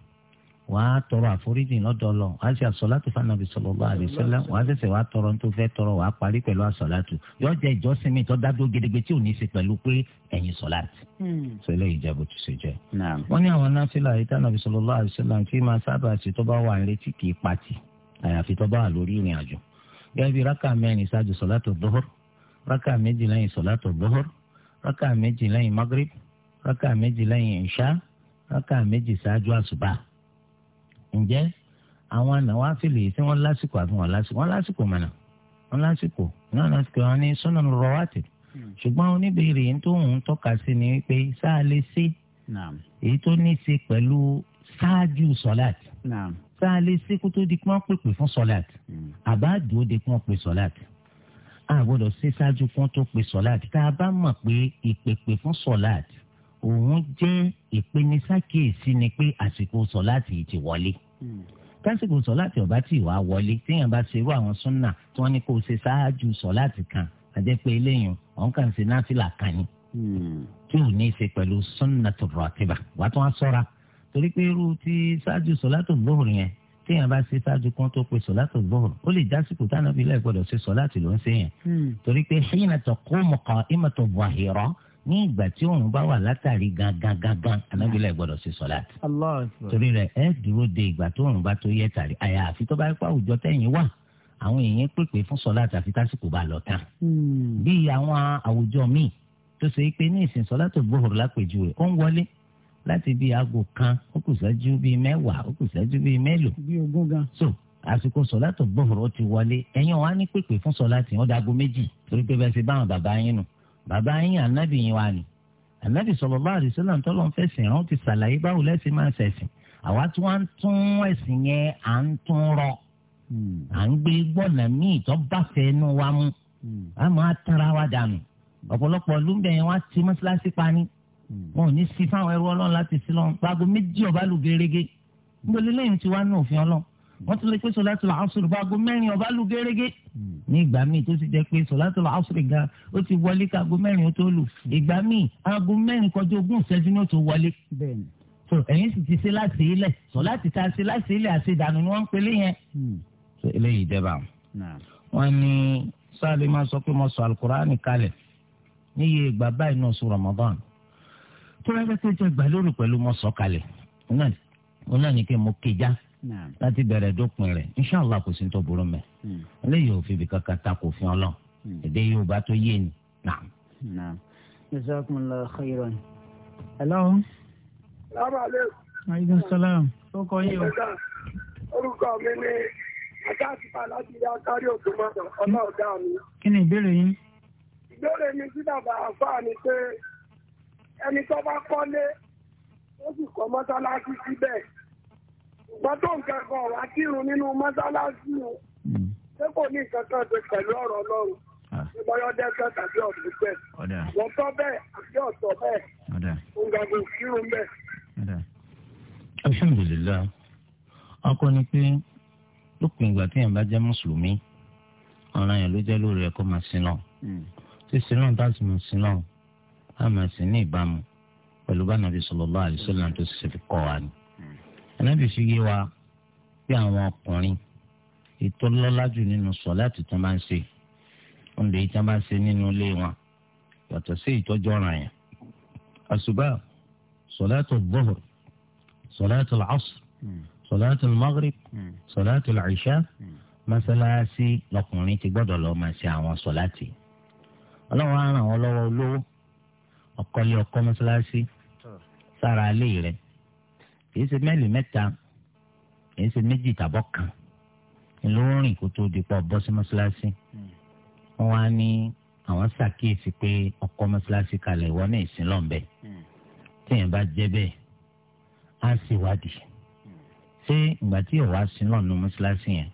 wàá tọrọ àforíjì lọ́dọ̀ lọ wàá ṣe àsọlátù fanabi sallallahu alaihi wasallam wàá ṣẹ̀ṣẹ̀ tọrọ tó tọrọ wàá parí pẹ̀lú àsọlátù jẹ ìjọsìn mi tọ dádó gedegbe tí ò ní ṣe pẹ̀lú pé ẹ̀yìn sọlátù. Hmm. sọlẹ ìjẹbù ti ṣe jẹ. wọn ní àwọn yìí tànàbí tí máa sábà ṣe tó bá wà kì í pati àyàfi tó bá wà ǹjẹ́ àwọn ànáwó àfìlè tí wọ́n lásìkò àbí wọ́n lásìkò wọ́n lásìkò mọ̀nà wọ́n lásìkò náà lásìkò wọn ní sọ́nà rọwátì hmm. ṣùgbọ́n oníbèrè yìí tó ń tọ́ka sí ni wípé sáà lè ṣe èyí tó ní í ṣe pẹ̀lú ṣáájú sọ́láàtì sáà lè ṣe kó tó di kí wọ́n pèpè fún sọ́láàtì hmm. àbá dúró di kí wọ́n pè sọ́láàtì a gbọ́dọ̀ ṣe ṣáájú kí wọ́n tó pè sọ́láàtì tá a bá mọ̀ pé ìpèpè fún sọ́láàtì òun jẹ́ ìpènisákèésí ni pé àsìkò sọ́láàtì yìí ti wọlé. Hmm. tásìkò sọláàtì ọba tí ìwà wọlé téèyàn bá ṣerú àwọn súnà tí wọn ní kó o ṣe ṣáájú sọláàtì kan àjẹpẹ eléyìí ọ̀n kàn ṣe náfìlà kan ni hmm. tí ò ní í ṣe pẹ̀lú súnà tó rọ̀tìbà wà tó wá sọ́ra torí pé irú ti ṣáájú sọláàtì lóhùn yẹn téèyàn bá ṣe ṣáájú kan tó pe sọláàtì lóhùn ó lè jásìkò tánàbí lẹ́ẹ̀ gbọ́dọ̀ ṣe sọláàtì ló ń ṣe yẹn hmm. torí pé ṣéyìn ní ìgbà tí òun bá wà látàrí gangan gangan anábìlẹ̀ gbọ́dọ̀ ṣe sọ̀láàtì. torí rẹ̀ ẹ dúró de ìgbà tí òun bá tó yẹ tàrí àyàfi tó bá pa àwùjọ tẹ̀yìn wà àwọn èèyàn pèpè fún sọ̀láàtì àfi tásìkò bá lọ tán. Hmm. bí àwọn àwùjọ míì tó ṣe pé ní ìsìn sọ̀láàtì gbòòrò lápèjúwe ó ń wọlé láti bí aago kan ó kù ṣẹ́jú bíi mẹ́wàá ó kù ṣẹ́jú bíi mélòó. bí ogún gan. so àsìkò sọ̀láàtì gbòòrò ti wọlé ẹ̀yin wá ní pèpè fún sọ̀láàtì ó dàgó méjì torí pé bẹ́ẹ̀ ṣe báwọn bàbá yín nù bàbá yín ànábì yín wa ni ànábì sallallahu alaihi wasallam tó lọ́n fẹ̀sìn rán ti ṣàlàyé báwo lẹ́sìn máa ṣẹ̀sìn àwa tí wọ́n ń tún ẹ̀sìn yẹn à ń tún rọ à ń gbé gbọ́nà míì tó bá fẹ́ nu wa mú a máa tara wa dànù ọ̀pọ̀lọpọ̀ lóúnjẹ yẹn wá ti mọ́ṣáláṣí pa ni wọn ò ní sí fáwọn ẹrú ọlọ́run láti sí lọ́run gbàgbọ́ méjì ọba lù gẹ́rẹ́gẹ́ níbo lélẹ́yìn tí wàá nù òfin ọlọ́run wọ́n ti lè pèsè láti lọ́ àṣùrù gbàgbọ́ mẹ́rin ọba lù gẹ́rẹ́gẹ́ ní ìgbà míì tó ti jẹ́ pé sọ̀látọ̀lá àṣírí gan ó ti wọlé ká aago mẹ́rin ó tó lù ìgbà míì aago mẹ́rin kọjá ogún ìṣẹ́jú ni ó tó wọlé. so ẹ̀yin sì ti ṣe láti ilẹ̀ sọ̀láti ta ṣe láti ilẹ̀ àṣedànù ni wọ́n ń pelé yẹn. Hmm. so eléyìí dẹ́ba wọn ní sáàlì máa sọ pé mo sọ alukur'ani kalẹ̀ níye ìgbà báyìí náà sọ Ramadan tó rẹ́ bẹ́ẹ̀ tó jẹ́ gbà lórí pẹ̀lú mo sọ kalẹ̀ òun náà ni kí mo kéjà láti bẹ̀rẹ̀ dópin rẹ̀ inṣàlá kò sí tó burú mẹ́ hmm. eléyìí ò fi ibi kankan ta kò fi ọlọ́ hmm. èdè yorùbá tó yé ni. jazakumullahu khairan. hello. salaamu aleykum. aleykum salaam. ó kọ yín o. orúkọ mi ni àtàkùn aláàbí akárí ògbómọ̀tò ọlá ọ̀dà mi. kí ni ìbéèrè yín. ìbéèrè mi sí bàbá àfáà ni pé ẹni tó bá kọ́lé ó sì kọ́ mọ́tálásí síbẹ̀. pàtó nǹkan kan ọ̀rọ̀ akírun nínú mọ́sálásí o hmm. ṣé kò ní nǹkan kan ṣe pẹ̀lú ọ̀rọ̀ ọlọ́run ìbọyọ̀ ah. dẹ́sẹ̀ tàbí ọ̀sùn bẹ́ẹ̀ wọ́n tọ́ bẹ́ẹ̀ àti ọ̀sọ̀ bẹ́ẹ̀ kírun bẹ́ẹ̀. alhamdulilayi ọkọ ni pé lópin ìgbà tí èèyàn bá mùsùlùmí ọ̀ràn yẹn ló jẹ́ lórí ẹ̀kọ́ máa sin náà tí hmm. sin náà bá sin sin náà á máa sin ní ìbámu pẹ̀lú bá nàbí tó ṣe fi kọ́ wa ni. anábì fi yé wa pé àwọn ọkùnrin ìtọ́lọ́lájú nínú sọ̀láàtì tó máa ń ṣe ọ̀nà èyí tó máa ń ṣe nínú ilé wọn yàtọ̀ sí ìtọ́jú ọ̀ràn yẹn. àṣùbà sọ̀láàtì bọ́ọ̀rù sọ̀láàtì làásù sọ̀láàtì mọ́gírì sọ̀láàtì làìṣá mọ́sálásí lọkùnrin ti gbọ́dọ̀ lọ́ọ́ máa ṣe àwọn sọ̀láàtì. ọlọ́run á ràn wọ́n lọ́wọ́ olówó ọkọ lé ọkọ mọ́sálásí sára alé rẹ̀ kìí ṣe mẹ́lì mẹ́ta kìí ṣe méjì tàbọ̀ kan ló ń rìn kó tó di pa bọ́ sí mọ́ṣáláṣí wọ́n wá ní àwọn ṣàkíyèsí pé ọkọ mọ́ṣáláṣí kalẹ̀ ìwọ ní ìsìn lọ́nbẹ̀ tíyẹn bá jẹ́ bẹ́ẹ̀ á sì wádìí ṣé ìgbà tí ìwà sin lọ́nu mọ́ṣáláṣí yẹn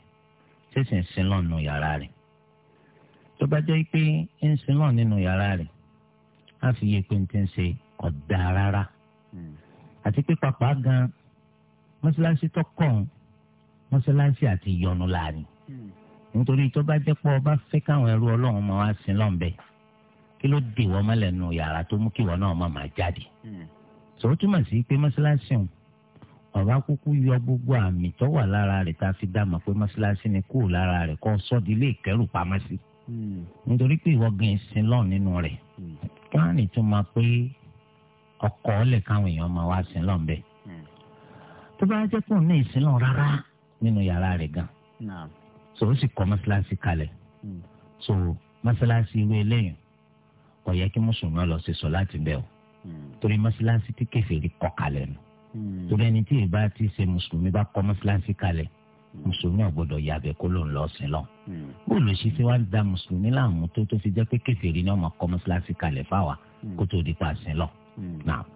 ṣé sì ń sin yàrá rẹ̀ tó bá jẹ́ pé ń sin yàrá rẹ̀ á fi yé pé ń ti ń ṣe ọ̀dà rárá àti pé pàpà gan mọ́ṣáláṣí tó kàn mọ́ṣáláṣí àti ìyọnu láàrin nítorí tó bá jẹ́ pé ọba fẹ́ káwọn ẹrú ọlọ́run máa wá sí lọ́nbẹ̀ kí ló dé wọ́n mọ́lẹ̀ nu yàrá tó mú kí wọ́n náà máa jáde sọ̀rọ̀ túmọ̀ sí pé mọ́ṣáláṣí ọ̀hún ọba kúkú yọ gbogbo àmì tó wà lára rẹ̀ tá a fi dá mọ̀ pé mọ́ṣáláṣí ni kúrò lára rẹ̀ kó sọ́ọ́dì ilé ìkẹ́rù pamọ́ hmm. nítorí pé ìwọ gan lọ́ọ̀ nínú rẹ̀ hmm. wọ́n á nìtún máa pé ọkọ̀ ọ̀lẹ̀ káwọn èèyàn máa wá sin lọ́n bẹ́ẹ̀. Hmm. tó bá jẹ́ pọ̀ ní ìsin rárá nínú yàrá rẹ̀ gan. so ó sì kọ́ mọ́ṣáláṣí kalẹ̀. Hmm. so mọ́ṣáláṣí irú eléyìí kò yẹ kí mùsùlùmí lọ sí sọ láti bẹ̀ o. Hmm. torí mọ́ṣáláṣí tí kèfèrí kọ́ kalẹ̀ nù. torí ẹni tí ìbá ti ṣe mùsùlùmí bá kọ́ mọ́ṣáláṣí kalẹ̀ mùsùlùmí ọ̀gbọ́dọ̀ yàbẹ̀ kó ló ń lọ sí lọ. bóòlù sí ti wá da mùsùlùmí láàmú tó tó fi jẹ́ pé kèfèrí náà máa kọ́ mọ́ṣáláṣí kalẹ̀ fáwa kó tó di pa sí lọ. Hmm. Now.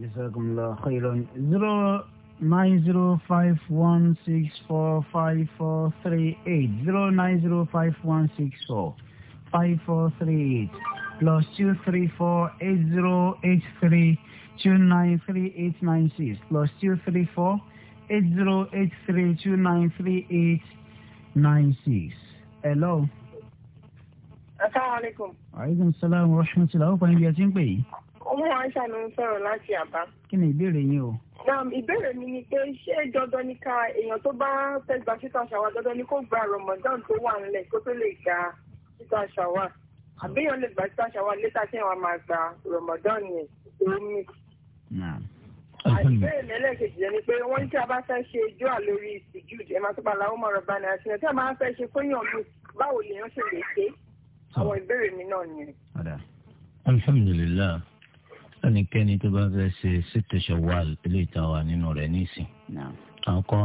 Jazakumullah khairan. Zero nine zero five one six four five four three eight zero nine zero five one six four five four three eight plus two three four eight zero eight three two nine three eight nine six plus two three four eight zero eight three two nine three eight nine six. Hello. asalaamualeykum. aleykum salaam wa rahmatulah ó kàn ibi ẹ ti ń pè yìí. ọmọ aisha ló ń sọ̀rọ̀ láti àbá. kí ni ìbéèrè yín o. naam ìbéèrè mi ni pé ṣé dandan ni ká èèyàn tó bá fẹ́ gba títà ṣàwà dandan ni kó gba ramadan tó wà ńlẹ̀ kó tó lè gba títà ṣàwà àbíyàn lè gba títà ṣàwà létà kí wọn máa gba ramadan yẹn tó ní. àìbéèrè lẹ́lẹ́kejì yẹn ni pé wọ́n ní tí a bá fẹ́ ṣe ijó àlórí ìsìjú ẹ̀ máa tó bá làwọn ọmọ rẹ̀ bá ní àṣìyàn tí a máa fẹ́ ṣe fóyàn mi báwo lèèyàn àwọn ìbéèrè mi náà nìyẹn. alhamdulilayi ẹnikẹ́ni tó bá fẹ́ ṣe sètò ṣọwal ilé ìtawà nínú rẹ̀ nísìn. àkọ́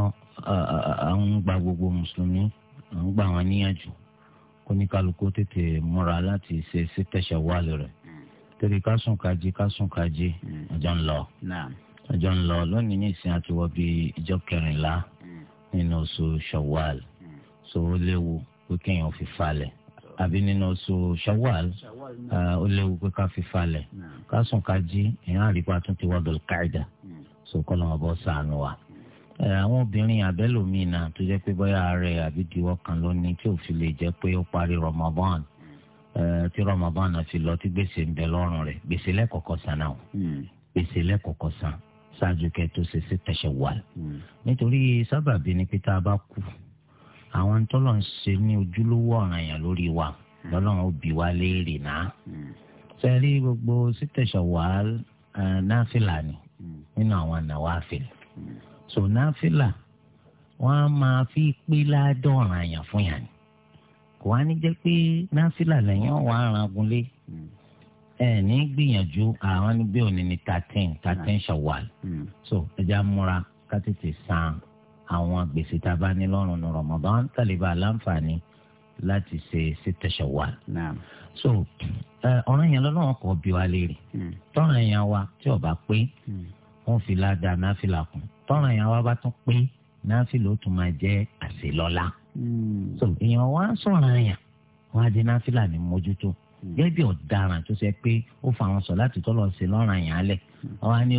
à ń gba gbogbo mùsùlùmí à ń gba àwọn níyànjú kó ní kálukú tètè múra láti ṣe sètò ṣọwal rẹ̀ torí ká sùn ká jí ká sùn ká jí hmm. ọjọ́ ń lọ ọjọ́ ń lọ lónìí nísìn àti wọ́n bí ìjọ kẹrìnlá hmm. nínú oṣù ṣọwal hmm. so ó léwu pé kéèyàn fi falẹ̀ àbí nínú oṣù shawal uh, ó léwu pé ká fi falẹ̀ ká sùn ká jí ìyá àríwá tún ti wá dọ̀lù káìdà hmm. so kọ́ lọ́wọ́ bọ́ sànù wa. Eh, àwọn obìnrin àbẹ́lòmínà tó jẹ́ pé bóyá ààrẹ àbí diwọ́ kan ló ní tí ò fi lè jẹ́ pé ó parí Ramadan eh, tí Ramadan fi lọ tí gbèsè ń bẹ lọ́rùn rẹ̀ gbèsè lẹ́kọ̀ọ́kọ́ san náà hmm. gbèsè lẹ́kọ̀ọ́kọ́ san ṣáájú kẹ́ẹ́ tó ṣe sí tẹ̀sẹ̀ wà. Hmm. nítorí sábàbí ni pé tá a bá kú àwọn tọ́lọ̀ ń ṣe ní ojúlówó ọ̀ràn yẹn lórí wa hmm. lọ́lọ́run ó bi wá léèrè náà. sẹ́rí hmm. gbogbo sítẹ̀sọ̀ wà náfìlà ni hmm. nínú àwọn nàwáfìlà. so náfìlà wọ́n á máa fi pé ládọ́ọ̀ràn yẹn fún yàn ni. kò wá ní jẹ́ pé náfìlà lẹ́yìn ọ̀wọ́ arangunlé ẹ ní gbìyànjú àwọn níbí òní ní thirteen thirteen ṣọwàl so ẹ já múra ká tètè san àwọn gbèsè tá a bá ní lọ́rùn ní Ramadan tàlíbà láǹfààní láti ṣe sítẹ̀ṣọ̀wà. so ọ̀ràn yẹn lọ́nà ọkọ̀ bí wa léèrè hmm. tọ́ràn yẹn wa tí ó bá pé wọ́n hmm. fi ládàá náfìlà kún tọ́ràn yẹn wa bá tún pé náfìlà ó tún máa jẹ́ àṣelọ́lá. Hmm. so èèyàn wa ń sọ̀ràn yẹn wọ́n á di náfìlà ní mójútó gẹ́gẹ́ bí ọ̀daràn tó ṣe pé ó fa àwọn sọ láti tọ́lọ̀ ṣe lọ́ràn yẹn alẹ̀ ọ̀hán ni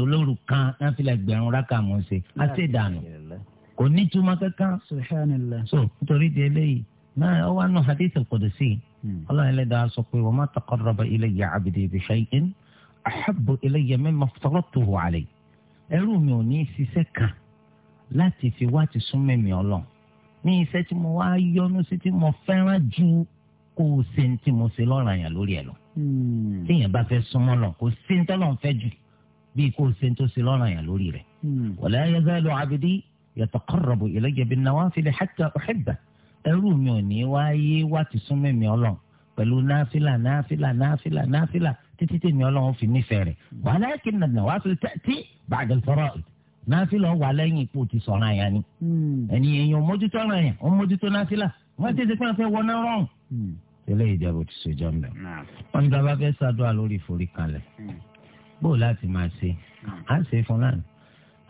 kan náfìlà gbẹ̀rún rákà ṣe á ṣèdànù kò ní túmọ̀ kankan. subhanallah. so nítorí di eléyìí náà ó wà nù hadith al-qudsi ọlọ́run hmm. ẹlẹ́dàá sọ pé wa ma taqarraba ilayya abdi bi shay'in ahabbu ilayya mimma aftaradtuhu alayhi ẹrú mi ò ní ṣiṣẹ́ kan láti fi wá ti sún mẹ́mi ọlọ́run ní iṣẹ́ tí mo wá yọ́nú sí tí mo fẹ́ràn ju kó o ṣe ní tí mo ṣe lọ́ràn yàn lórí ẹ̀ lọ. Hmm. téèyàn bá fẹ́ súnmọ́ lọ kò sí ní tọ́lọ́ fẹ́ jù bíi kó o ṣe ní tó ṣe lọ́ràn yàn lórí rẹ̀. Hmm. wala yazalu abdi yataqarrabu ilayya bin nawafil hatta uhibba ẹrú mi ò ní wáyé wá ti sún mẹ́mi ọlọ́run pẹ̀lú náfìlà náfìlà náfìlà náfìlà títí tèmi ọlọ́run fi nífẹ̀ẹ́ rẹ̀ walakin an-nawafil ta'ti ba'da al-fara'id náfìlà wà lẹ́yìn ipò ti sọ̀rọ̀ àyà ni ẹni èèyàn mójútó ọ̀rọ̀ àyà ó mójútó náfìlà wọ́n ti ṣe pé wọ náà rọrùn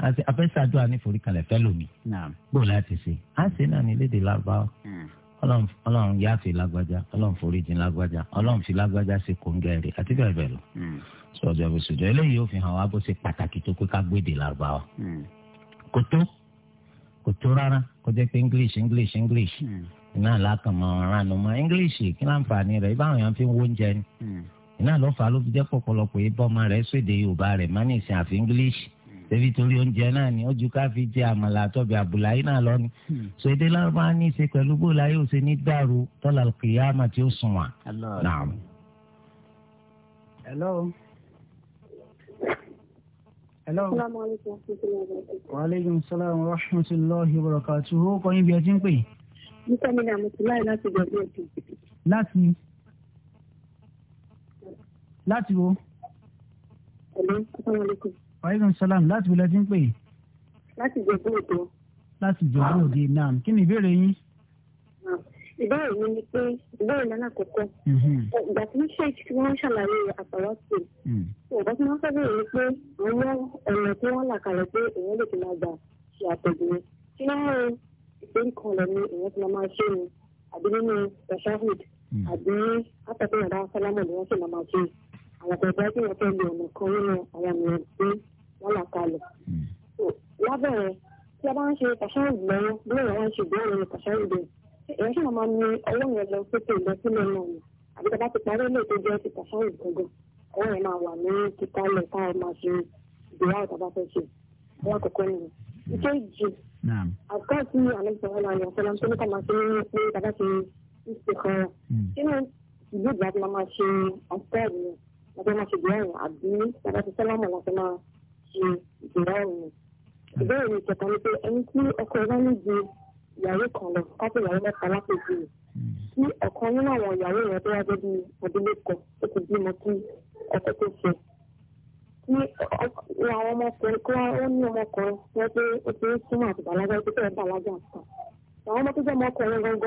àti afẹ́sàdúrà ní foríkalẹ̀ fẹ́ lómi. bó láti ṣe á ṣe náà ní lédè lárúbáwá hmm. ọlọ́run yáàfin lágbájá ọlọ́run foríjìn lágbájá ọlọ́run fi lágbájá ṣe kóńgẹ́rì àti bẹ́ẹ̀ bẹ́ẹ̀ lọ. Hmm. sọ̀jọ̀ bùsùjọ́ eléyìí yóò fi hàn wá bó ṣe pàtàkì tó pé ká gbédè lárúbáwá. Hmm. kò tó kò tó rárá kó jẹ́ pé english english english iná làákàn mọ́ ọ̀ràn nù mọ́ english kí láǹfààní rẹ̀ ibà àwọn èèyàn fi ń wó oúnjẹ ni iná ló fà á ló fi jẹ́ pọ̀pọ̀lọpọ̀ ibọ́ ọmọ rẹ̀ sóde yorùbá rẹ̀ má ní ìsìn àfi english tẹbi torí oúnjẹ náà ni ojú ká fi jẹ àmàlà àtọbẹ àbùláyé náà lọ ni hmm. so èdè lárúbá ní í ṣe pẹ̀lú bóòlù ayé òsè ní dàrú tọ́lá kìyàmà tí ó sùn wà. naam. hello. wa aleykum wa rahmatulahi wa barakatuhu kọ́yìn bí ẹ ti ń pè. nípa mi ni àmọ̀tíláì láti gbàgbé láti. láti wo. hello asalaamualeykum aleykum salaam láti wílẹ̀ tí ń pè é. láti jọ bóyá tó. láti jọ bóyá òde náà kí ni ìbéèrè yín. ìbéèrè mi ni pé ìbéèrè lọ́nà kọ̀ọ̀kan. Mhm. ìgbà tí wọ́n ṣe tí wọ́n ṣàlàyé àpàrọ̀ sí i. ìgbà tí wọ́n fẹ́ bẹ̀rẹ̀ ni pé àwọn ọ̀nà tí wọ́n là kalẹ̀ pé èèyàn lè fi máa gbà ṣe àtẹ̀gùn kí láwọn ìgbèríko ọ̀nà ni èèyàn ti máa ṣe ni àbí nínú tashahud mhm. àbí àwọn bàbá tí wọ́n fẹ́ lé ọ̀nà kan nínú àwọn mìíràn tí wọ́n là kalẹ̀. lábẹ́rẹ̀ tí a bá ń ṣe pàṣẹ́wò lọ́wọ́ bí èèyàn wá ń ṣe ìgbéyàwó ní pàṣẹ́wò bẹ́ẹ̀ èèyàn ṣáà máa ní ọwọ́ yẹn lọ sókè lọ sílẹ̀ náà ni àbí tàbá ti parí ilé tó jẹ́ ti pàṣẹ́wò gbọ̀ngàn ọwọ́ yẹn máa wà ní kíkà lẹ̀ ká ẹ máa ṣe ìgbéyàwó tàbá fẹ́ ṣe ọwọ́ àkọ́kọ́ nìyẹn. ìkejì àkáàtì àlẹ́sọ̀rọ̀ àyàn fọlá tó ní ká máa ṣe ní pé tàbá ti ń ṣe kan hmm. sínú ìlú ìgbà tí wọ́n máa ṣe àkáàtì yẹn ọjọ́ máa ṣe ìgbéyàwó àbí bàbá ti sẹ́lámù láti máa ṣe ìgbéyàwó. ìbéèrè mi kẹta ni pé ẹni tí ọkọ ẹ bá ní ju ìyàwó kan lọ kápẹ́ ìyàwó mẹ́ta lápèjì rẹ̀ tí ọ̀kan nínú àwọn ìyàwó rẹ̀ tó wájú bí ọdúnlé kan ó ti bímọ kí ọkọ tó fẹ́ tí àwọn ọmọkùnrin kó ó ní ọmọkùnrin wọ́n pé ó ti ń súnmọ́ àti bàlágà ó ti fẹ́ bàlágà kan àwọn ọmọ tó jẹ́ ọmọkùnrin gangan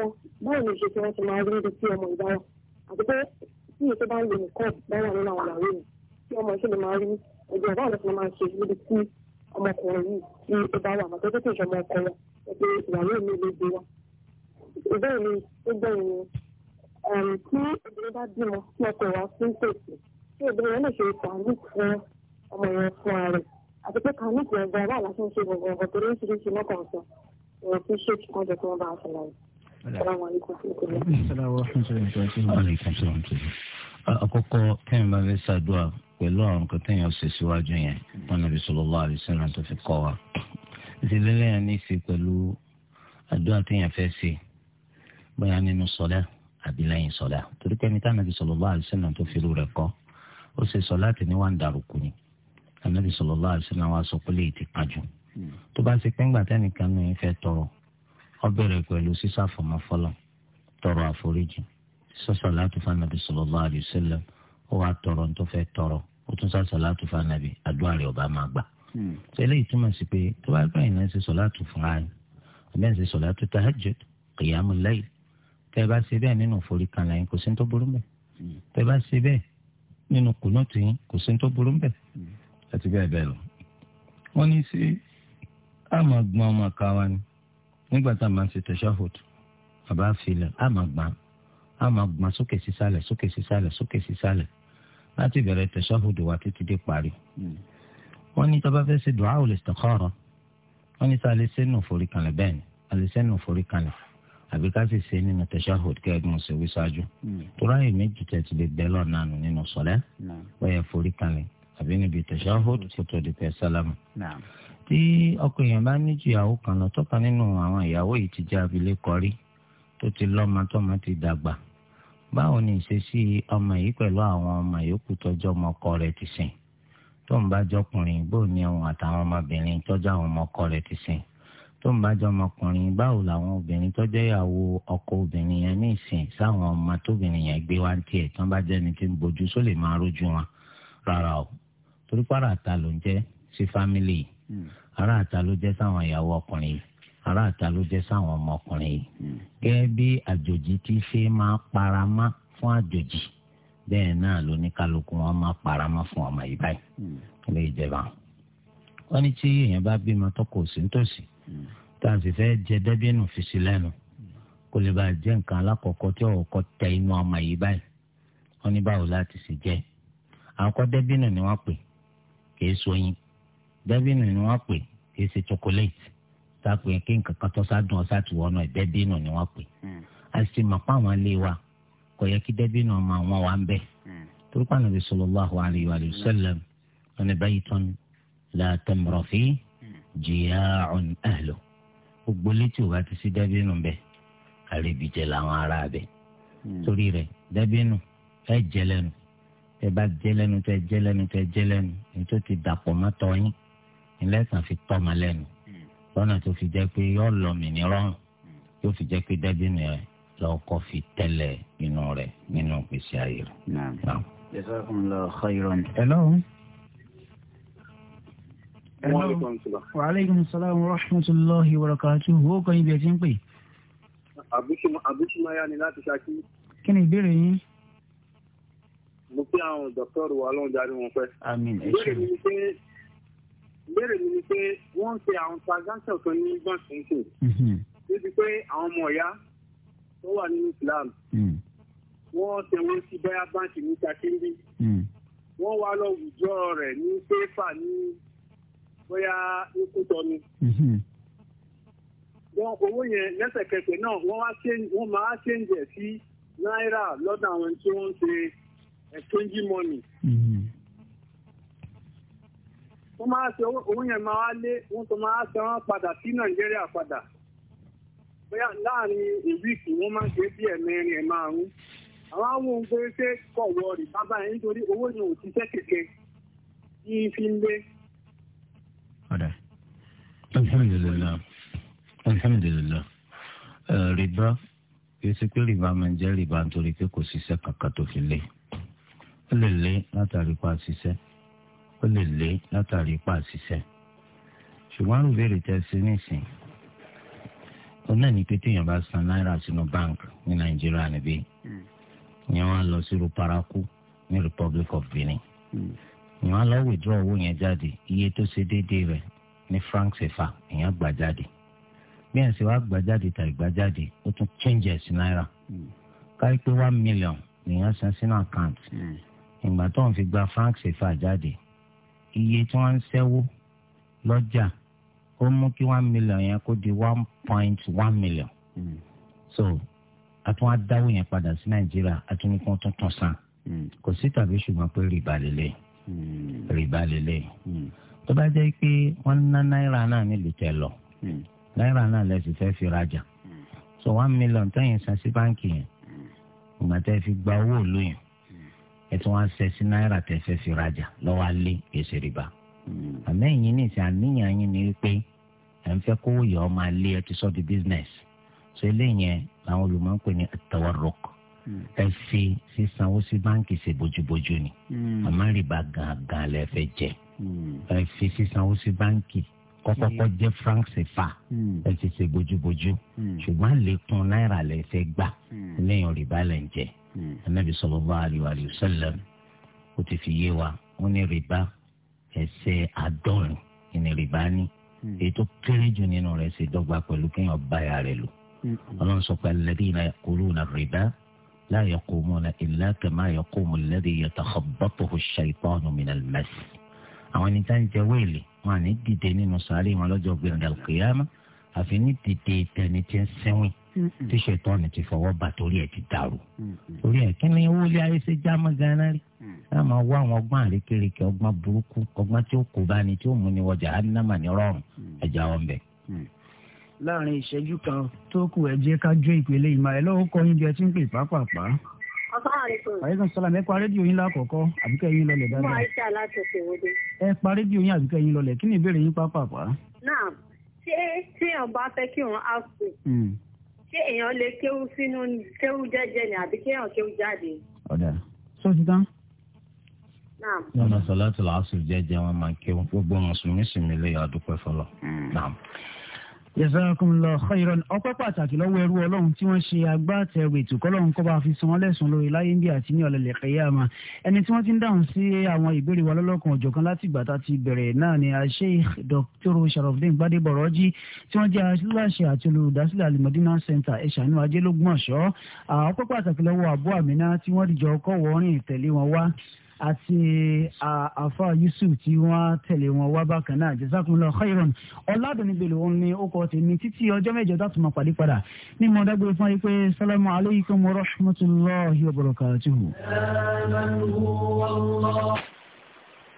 báwo ni ìṣèṣe wọn ti máa rí ibi tí ọmọ ìdáwà àti pé níyẹn tó bá ń lo nǹkan báyà nínú àwọn àwẹ̀ mi tí ọmọ ṣe lè máa rí ẹgbẹ́ ọ̀bá àlọ́ tí wọ́n máa ṣe níbi tí ọmọkùnrin yìí tí ó bá wà àmọ́tọ́ tó kì í ṣe ọmọ ọkọ wa ẹgbẹ́ ìyàwó mi ló gbé wa. ìbéèrè mi ó gbẹ̀yìn ni tí obìnrin bá bímọ tí ọkọ wa fún tètè tí obìnrin yẹn lè ṣe ìtàlù fún ọmọ yẹn fún ara rẹ̀ àti pé kan ní ìgbà ọgbà aláṣẹ ń ṣe gbọ̀ngàn ọ̀gọ̀ tó ní ṣíṣe mọ́kànsán òun ti ṣe ìkànjọ tí wọ́n bá a ṣe láyé. Uh, àkọ́kọ́ kẹ́mi bá fẹ́ ṣàdúrà pẹ̀lú àwọn kan téèyàn ṣe síwájú yẹn wọn nàbí sallallahu alaihi wasallam tó fi kọ́ wa ìdílé lẹ́yìn ní í ṣe pẹ̀lú àdúrà téèyàn fẹ́ ṣe bóyá nínú sọlá àbí lẹ́yìn sọlá torí pé ẹni tá nàbí sallallahu alaihi wasallam tó fi irú rẹ̀ kọ́ ó ṣe sọlá tì ní wà ń dàrúkú ni ànàbí sallallahu alaihi wasallam wa sọ pé lè ti kájú hmm. tó bá ṣe pé ńgbà tẹ́nìkan ní ìfẹ́ tọrọ ó bẹ̀rẹ̀ pẹ̀lú sísá fọmọ fọlọ tọrọ àforíjì sọsọ láti fa nàbì sallallahu alaihi wasallam ó wàá tọrọ ní tó fẹ́ tọrọ ó tún sọsọ láti fa nàbì àdúrà rẹ̀ ọba máa gbà. Hmm. tẹ́lẹ̀ ìtumọ̀ sí pé tó bá gbà yín náà ṣe sọ láti fún ara yín ọbẹ̀ ń ṣe sọ láti tahajjud qiyamul layl tẹ́ bá ṣe bẹ́ẹ̀ nínú forí kan lẹ́yìn kò sí tó burú mẹ́ hmm. tẹ́ bá ṣe bẹ́ẹ̀ nínú kùnúùtù yín kò sí tó burú mẹ́ hmm. àti bẹ́ẹ̀ bẹ́ẹ̀ lọ. wọ́n ní sí àmọ́ gbọ́n ọmọ ká ni nígbà tá a máa ń ṣe tẹ̀síọ́fòtò bàbá filẹ̀ a máa gbà a máa gbà sókè sísàlẹ̀ sókè sísàlẹ̀ sókè sísàlẹ̀ láti bẹ̀rẹ̀ tẹ̀síọ́fòtò wa títí dé parí. Hmm. wọ́n ní tọ́ba fẹ́ ṣe dùá ò lè sọ̀kọ́rọ̀ wọ́n ní sọ alẹ́ sẹ́nu òfòrí kanlẹ̀ bẹ́ẹ̀ ni alẹ́ sẹ́nu òfòrí kanlẹ̀ àbí ká sì ṣe nínú tẹ̀síọ́fòtò kẹ́ẹ̀dùn ṣe wí ṣáájú. Hmm. tóra yìí méjì tẹ̀ ti lè bẹ́ lọ́nà di pẹ́ sálámù tí ọkọ èèyàn bá ní ju ìyàwó kan lọ tọ́ka nínú àwọn ìyàwó yìí ti jẹ́ abilékọ rí tó ti lọ́mọ tọ́mọ ti dàgbà báwo ni ìṣesí ọmọ yìí pẹ̀lú àwọn ọmọ yòókù tọ́jú ọmọ ọkọ rẹ̀ ti sìn tó ń bá jọkùnrin bóò ní ẹ̀wọ̀n àtàwọn ọmọbìnrin tọ́jú àwọn ọmọ ọkọ rẹ̀ ti sìn tó ń bá jọ ọmọkùnrin báwo làwọn obìnrin tọ́jú ìyàwó ọkọ obìnrin yẹn ní ìsìn sáwọn ọmọ tóbìnrin yẹn gbé wá ń tiẹ̀ tán bá jẹ́ni tí ń bojú só lè máa rójú wọn rárá o torí pàràtà ló sí fámìlì yìí hmm ará àta ló jẹ́ sáwọn ìyàwó ọkùnrin yìí ará àta ló jẹ́ sáwọn ọmọkùnrin yìí. Hmm. gẹ́gẹ́ bí àjòjì ti ṣe máa paramá fún àjòjì bẹ́ẹ̀ náà ló ní kálukú wọn máa paramá fún ọmọ yìí báyìí hmm. ilé ìjẹba. wọ́n ní tí èèyàn bá bímọ tọkọ sí nítòsí hmm. tá a sì fẹ́ jẹ dẹ́bínú fi sí lẹ́nu kó lè bá jẹ́ nǹkan alákọ̀ọ́kọ́ tí ọ̀kọ́ tẹ inú ọmọ yìí báyìí wọ́n ní báwo láti ṣe jẹ́ àkọ́dẹ́bínú ni wọ́n pè kì í sọyìn dẹ́bìnì ni wọ́n pè kì ṣe chocolate tá a pè kí nǹkan kan tó sádùn ọ̀sá ti wọ́n náà dẹ́bìnì ni wọ́n pè. Hmm. a sì mọ̀ pé àwọn ilé wa kò yẹ kí dẹ́bìnì ọmọ àwọn wa ń bẹ̀. Hmm. torí pé Ànábì sallallahu alayhi wa sallam wọn ni baytun la tamra fi jiya'un ahlu. gbogbo létí ò bá ti sí dẹ́bìnì bẹ́ẹ̀ àrèbìjẹ làwọn ará bẹ́ẹ̀. Hmm. torí rẹ̀ dẹ́bìnì ẹ jẹ lẹ́nu tẹ bá jẹ lẹ́nu tẹ jẹ lẹ́nu tẹ jẹ lẹ́nu nítorí ti dàpọ̀ mọ́tọ́ yín ìlẹ́sàn fi tọ́ ọmọ lẹ́nu hmm. lọ́nà tó fi jẹ́ pé yọ lọ mí ní rọrùn hmm. tó fi jẹ́ pé dẹ́bìnrin rẹ lọ́kọ́ fi tẹ́lẹ̀ inú rẹ nínú ìgbésí ayé rẹ. hello. hello. wa aleykum salaam wa rahmatulahi wa barakatuh wo kan ibi ẹ ti ń pè. àbúṣumáyà ni láti ṣáàkì. kí ni ìbéèrè yín mo fi àwọn dọ́kítọ́rù wa lọ́njà ni wọ́n fẹ́. àmín ẹ ṣe ìbéèrè mi ni pé wọ́n ń pe àwọn transaction kan ní gbọ̀nsẹ̀nsẹ̀ mm-hmm. débi pé àwọn ọmọ ọ̀yá tó wà nínú Islam mm. wọ́n tẹ wọ́n sí bẹ́yà báńkì ní kakindi mm. wọ́n wá lọ wùjọ́ rẹ̀ ní pépà ní bóyá ikútọ́ni wọn owó yẹn lẹ́sẹ̀kẹsẹ̀ náà wọ́n wá wọ́n máa ṣéǹjẹ̀ sí náírà lọ́dọ̀ àwọn tí wọ́n ń ṣe exchange money. Mm -hmm wọ́n máa ṣe owó yẹn máa lé wọ́n tó máa ṣe wọ́n padà sí nàìjíríà padà bóyá láàrin ìwíìkì wọ́n máa ṣe bí ẹ̀mẹrin ẹ̀ márùn-ún àwọn àwọn ohun pé ṣé kọ̀wọ́ rì bábà yẹn nítorí owó yẹn ò ṣiṣẹ́ kẹ̀kẹ́ ní fi ń lé. ọ̀dà alhamdulilayi alhamdulilayi rìbá ṣe pé rìbá máa ń jẹ́ rìbá nítorí pé kò ṣiṣẹ́ kankan tó fi lé ó lè lé látàrí pa ṣiṣẹ́ ó lè lé látàrí ipa àṣìṣe ṣùgbọ́n àrùn béèrè tẹ́ sí nísìn ó náà ní pé téèyàn bá san náírà sínú bank ní nàìjíríà níbí ìyẹn wọn lọ sí ruparaku ní Republic of Benin ìyẹn wọn lọ withdraw owó yẹn jáde iye tó ṣe déédéé rẹ̀ ní franc sefa ìyẹn gbà jáde bí ẹ̀ ṣe wá gbà jáde tàbí gbà jáde ó tún change náírà káyí one million nìyẹn san sínú account ìgbà tó ń fi gba franc sefa jáde iye tí wọ́n ń ṣẹ́wó lọ́jà ó mú kí one million yẹn kó di one point one million. Mm. so àtún á dáwó yẹn padà sí nàìjíríà àtún ní kí wọ́n tún tún san mm. kò sí tàbí ṣùgbọ́n pé rìbá lélẹ̀ mm. rìbá lélẹ̀ mm. tó bá jẹ́ pé wọ́n ná náírà náà nílùú tẹ̀ lọ náírà náà lẹ́sìn fẹ́ fi rajà so one million tẹ́yìn san sí báǹkì yẹn ìgbà tẹ́ fi gba owó òlóyìn ẹ tún wá ṣe sí náírà tẹ fẹ́ fi rajà lọ́wọ́ alẹ́ gbèsè rìbá. Hmm. àmọ́ ẹ̀yin ní ìsìn àníyàn yín ni wípé ẹ̀ ń fẹ́ kówó yọ ọmọ alẹ́ ẹ ti sọ di business so eléyìí yẹn làwọn olùmọ̀ ń pè ní at-tawarruq hmm. ẹ fi sísanwó sí báǹkì ṣe bójúbójú ni hmm. àmọ́ rìbá gangan lẹ fẹ́ jẹ ẹ fi sísanwó sí báǹkì kọ́kọ́kọ́ mm. jẹ́ frank sefa mm. ẹ ti ṣe bójúbójú mm. ṣùgbọ́n lẹ́kùn náírà lẹ́sẹ̀ gbà lẹ́yìn rìbá lẹ̀ ń jẹ anabi sallallahu alaihi wasallam ó ti fi yé wa ó ní rìbá ẹsẹ̀ àádọ́rin ní rìbá ní èyí kéré jù nínú rẹ̀ ṣe dọ́gba pẹ̀lú kéèyàn báyà rẹ̀ lò ọlọ́run sọ pé alladhina ya'kuluna rìbá la yaqumuna illa kama yaqumu alladhi yatakhabbathu ash-shaytanu min al-mas àwọn ẹni tá ń jẹ wéèlì wọn àní dìde nínú sàárè wọn lọ́jọ́ gbẹ̀ngàn kìyàmá àfi ní dìde tẹni tí ń sẹ́wìn tí ṣètọ́ni ti fọwọ́ bá torí ẹ̀ ti dàrú. torí ẹ̀ kí ni wọlé ayé ṣe já mọ́ ganan rí. Mm. a máa wá àwọn ọgbọ́n àrékérekè ọgbọ́n burúkú ọgbọ́n tí ó kó bá ni tí ó mú ni wọ jahannama ní rọrùn mm. ẹja wọn bẹ. Mm. láàrin ìṣẹ́jú kan tó kù ẹ ká jó ìpele ìmọ̀ ẹ̀ lọ́wọ́ kọ́ aleykum salaam ẹ pa rédíò yín lákọ̀ọ́kọ́ àbíkẹ́ yín lọlẹ̀ dáadáa. mo àìsà láti òkè wòde. ẹ pa rédíò yín àbíkẹ́ yín lọlẹ̀ kí ni ìbéèrè yín pápápá. náà ṣé téèyàn bá fẹ́ kí wọ́n á sùn hmm. ṣé èèyàn lè kéwú sínú kéwú jẹ́jẹ́ ni àbí kéèyàn kéwú jáde. ọ̀dà sọ ti tán. Wọ́n lọ sọ láti làásù jẹ́jẹ́ wọn máa ń kéwọ́n gbogbo mùsùlùmí sì mí lè yọ àdúpẹ́ fọlọ́. Hmm jazakumullahu khairan ọpẹ́ pàtàkì lọ́wọ́ ẹrú ọlọ́run tí wọ́n ṣe agbátẹrù ètò kọ́lọ́run kó bá fi san wọ́n lẹ́sùn lórí láyé níbi àti ní ọ̀lẹ́lẹ̀ kẹyàmà ẹni tí wọ́n ti ń dáhùn sí àwọn ìbéèrè wa lọ́lọ́kan ọ̀jọ̀kan láti ìgbà tá ti bẹ̀rẹ̀ náà ni Sheikh Dr. Sharafdin Gbadebọ̀rọ̀jì tí wọ́n jẹ́ aláṣẹ àti olùdásílẹ̀ Al-Madina Center ẹ̀ṣánú ajé lógún ọ̀ṣọ́ ọpẹ́ pàtàkì lọ́wọ́ àbú àmínà tí wọ́n dìjọ kọ́ àti àfa yusuf tí wọ́n tẹ̀lé wọn wá bákan náà jazakumullahu khairan ọ̀làdùnníbẹ̀lẹ̀ òun ni ó kọ́ tèmi títí ọjọ́ mẹ́jọ tó tún pàdé padà ní mo dágbére fún yín salamu alaykum rahmatulahi wa barakatuhu.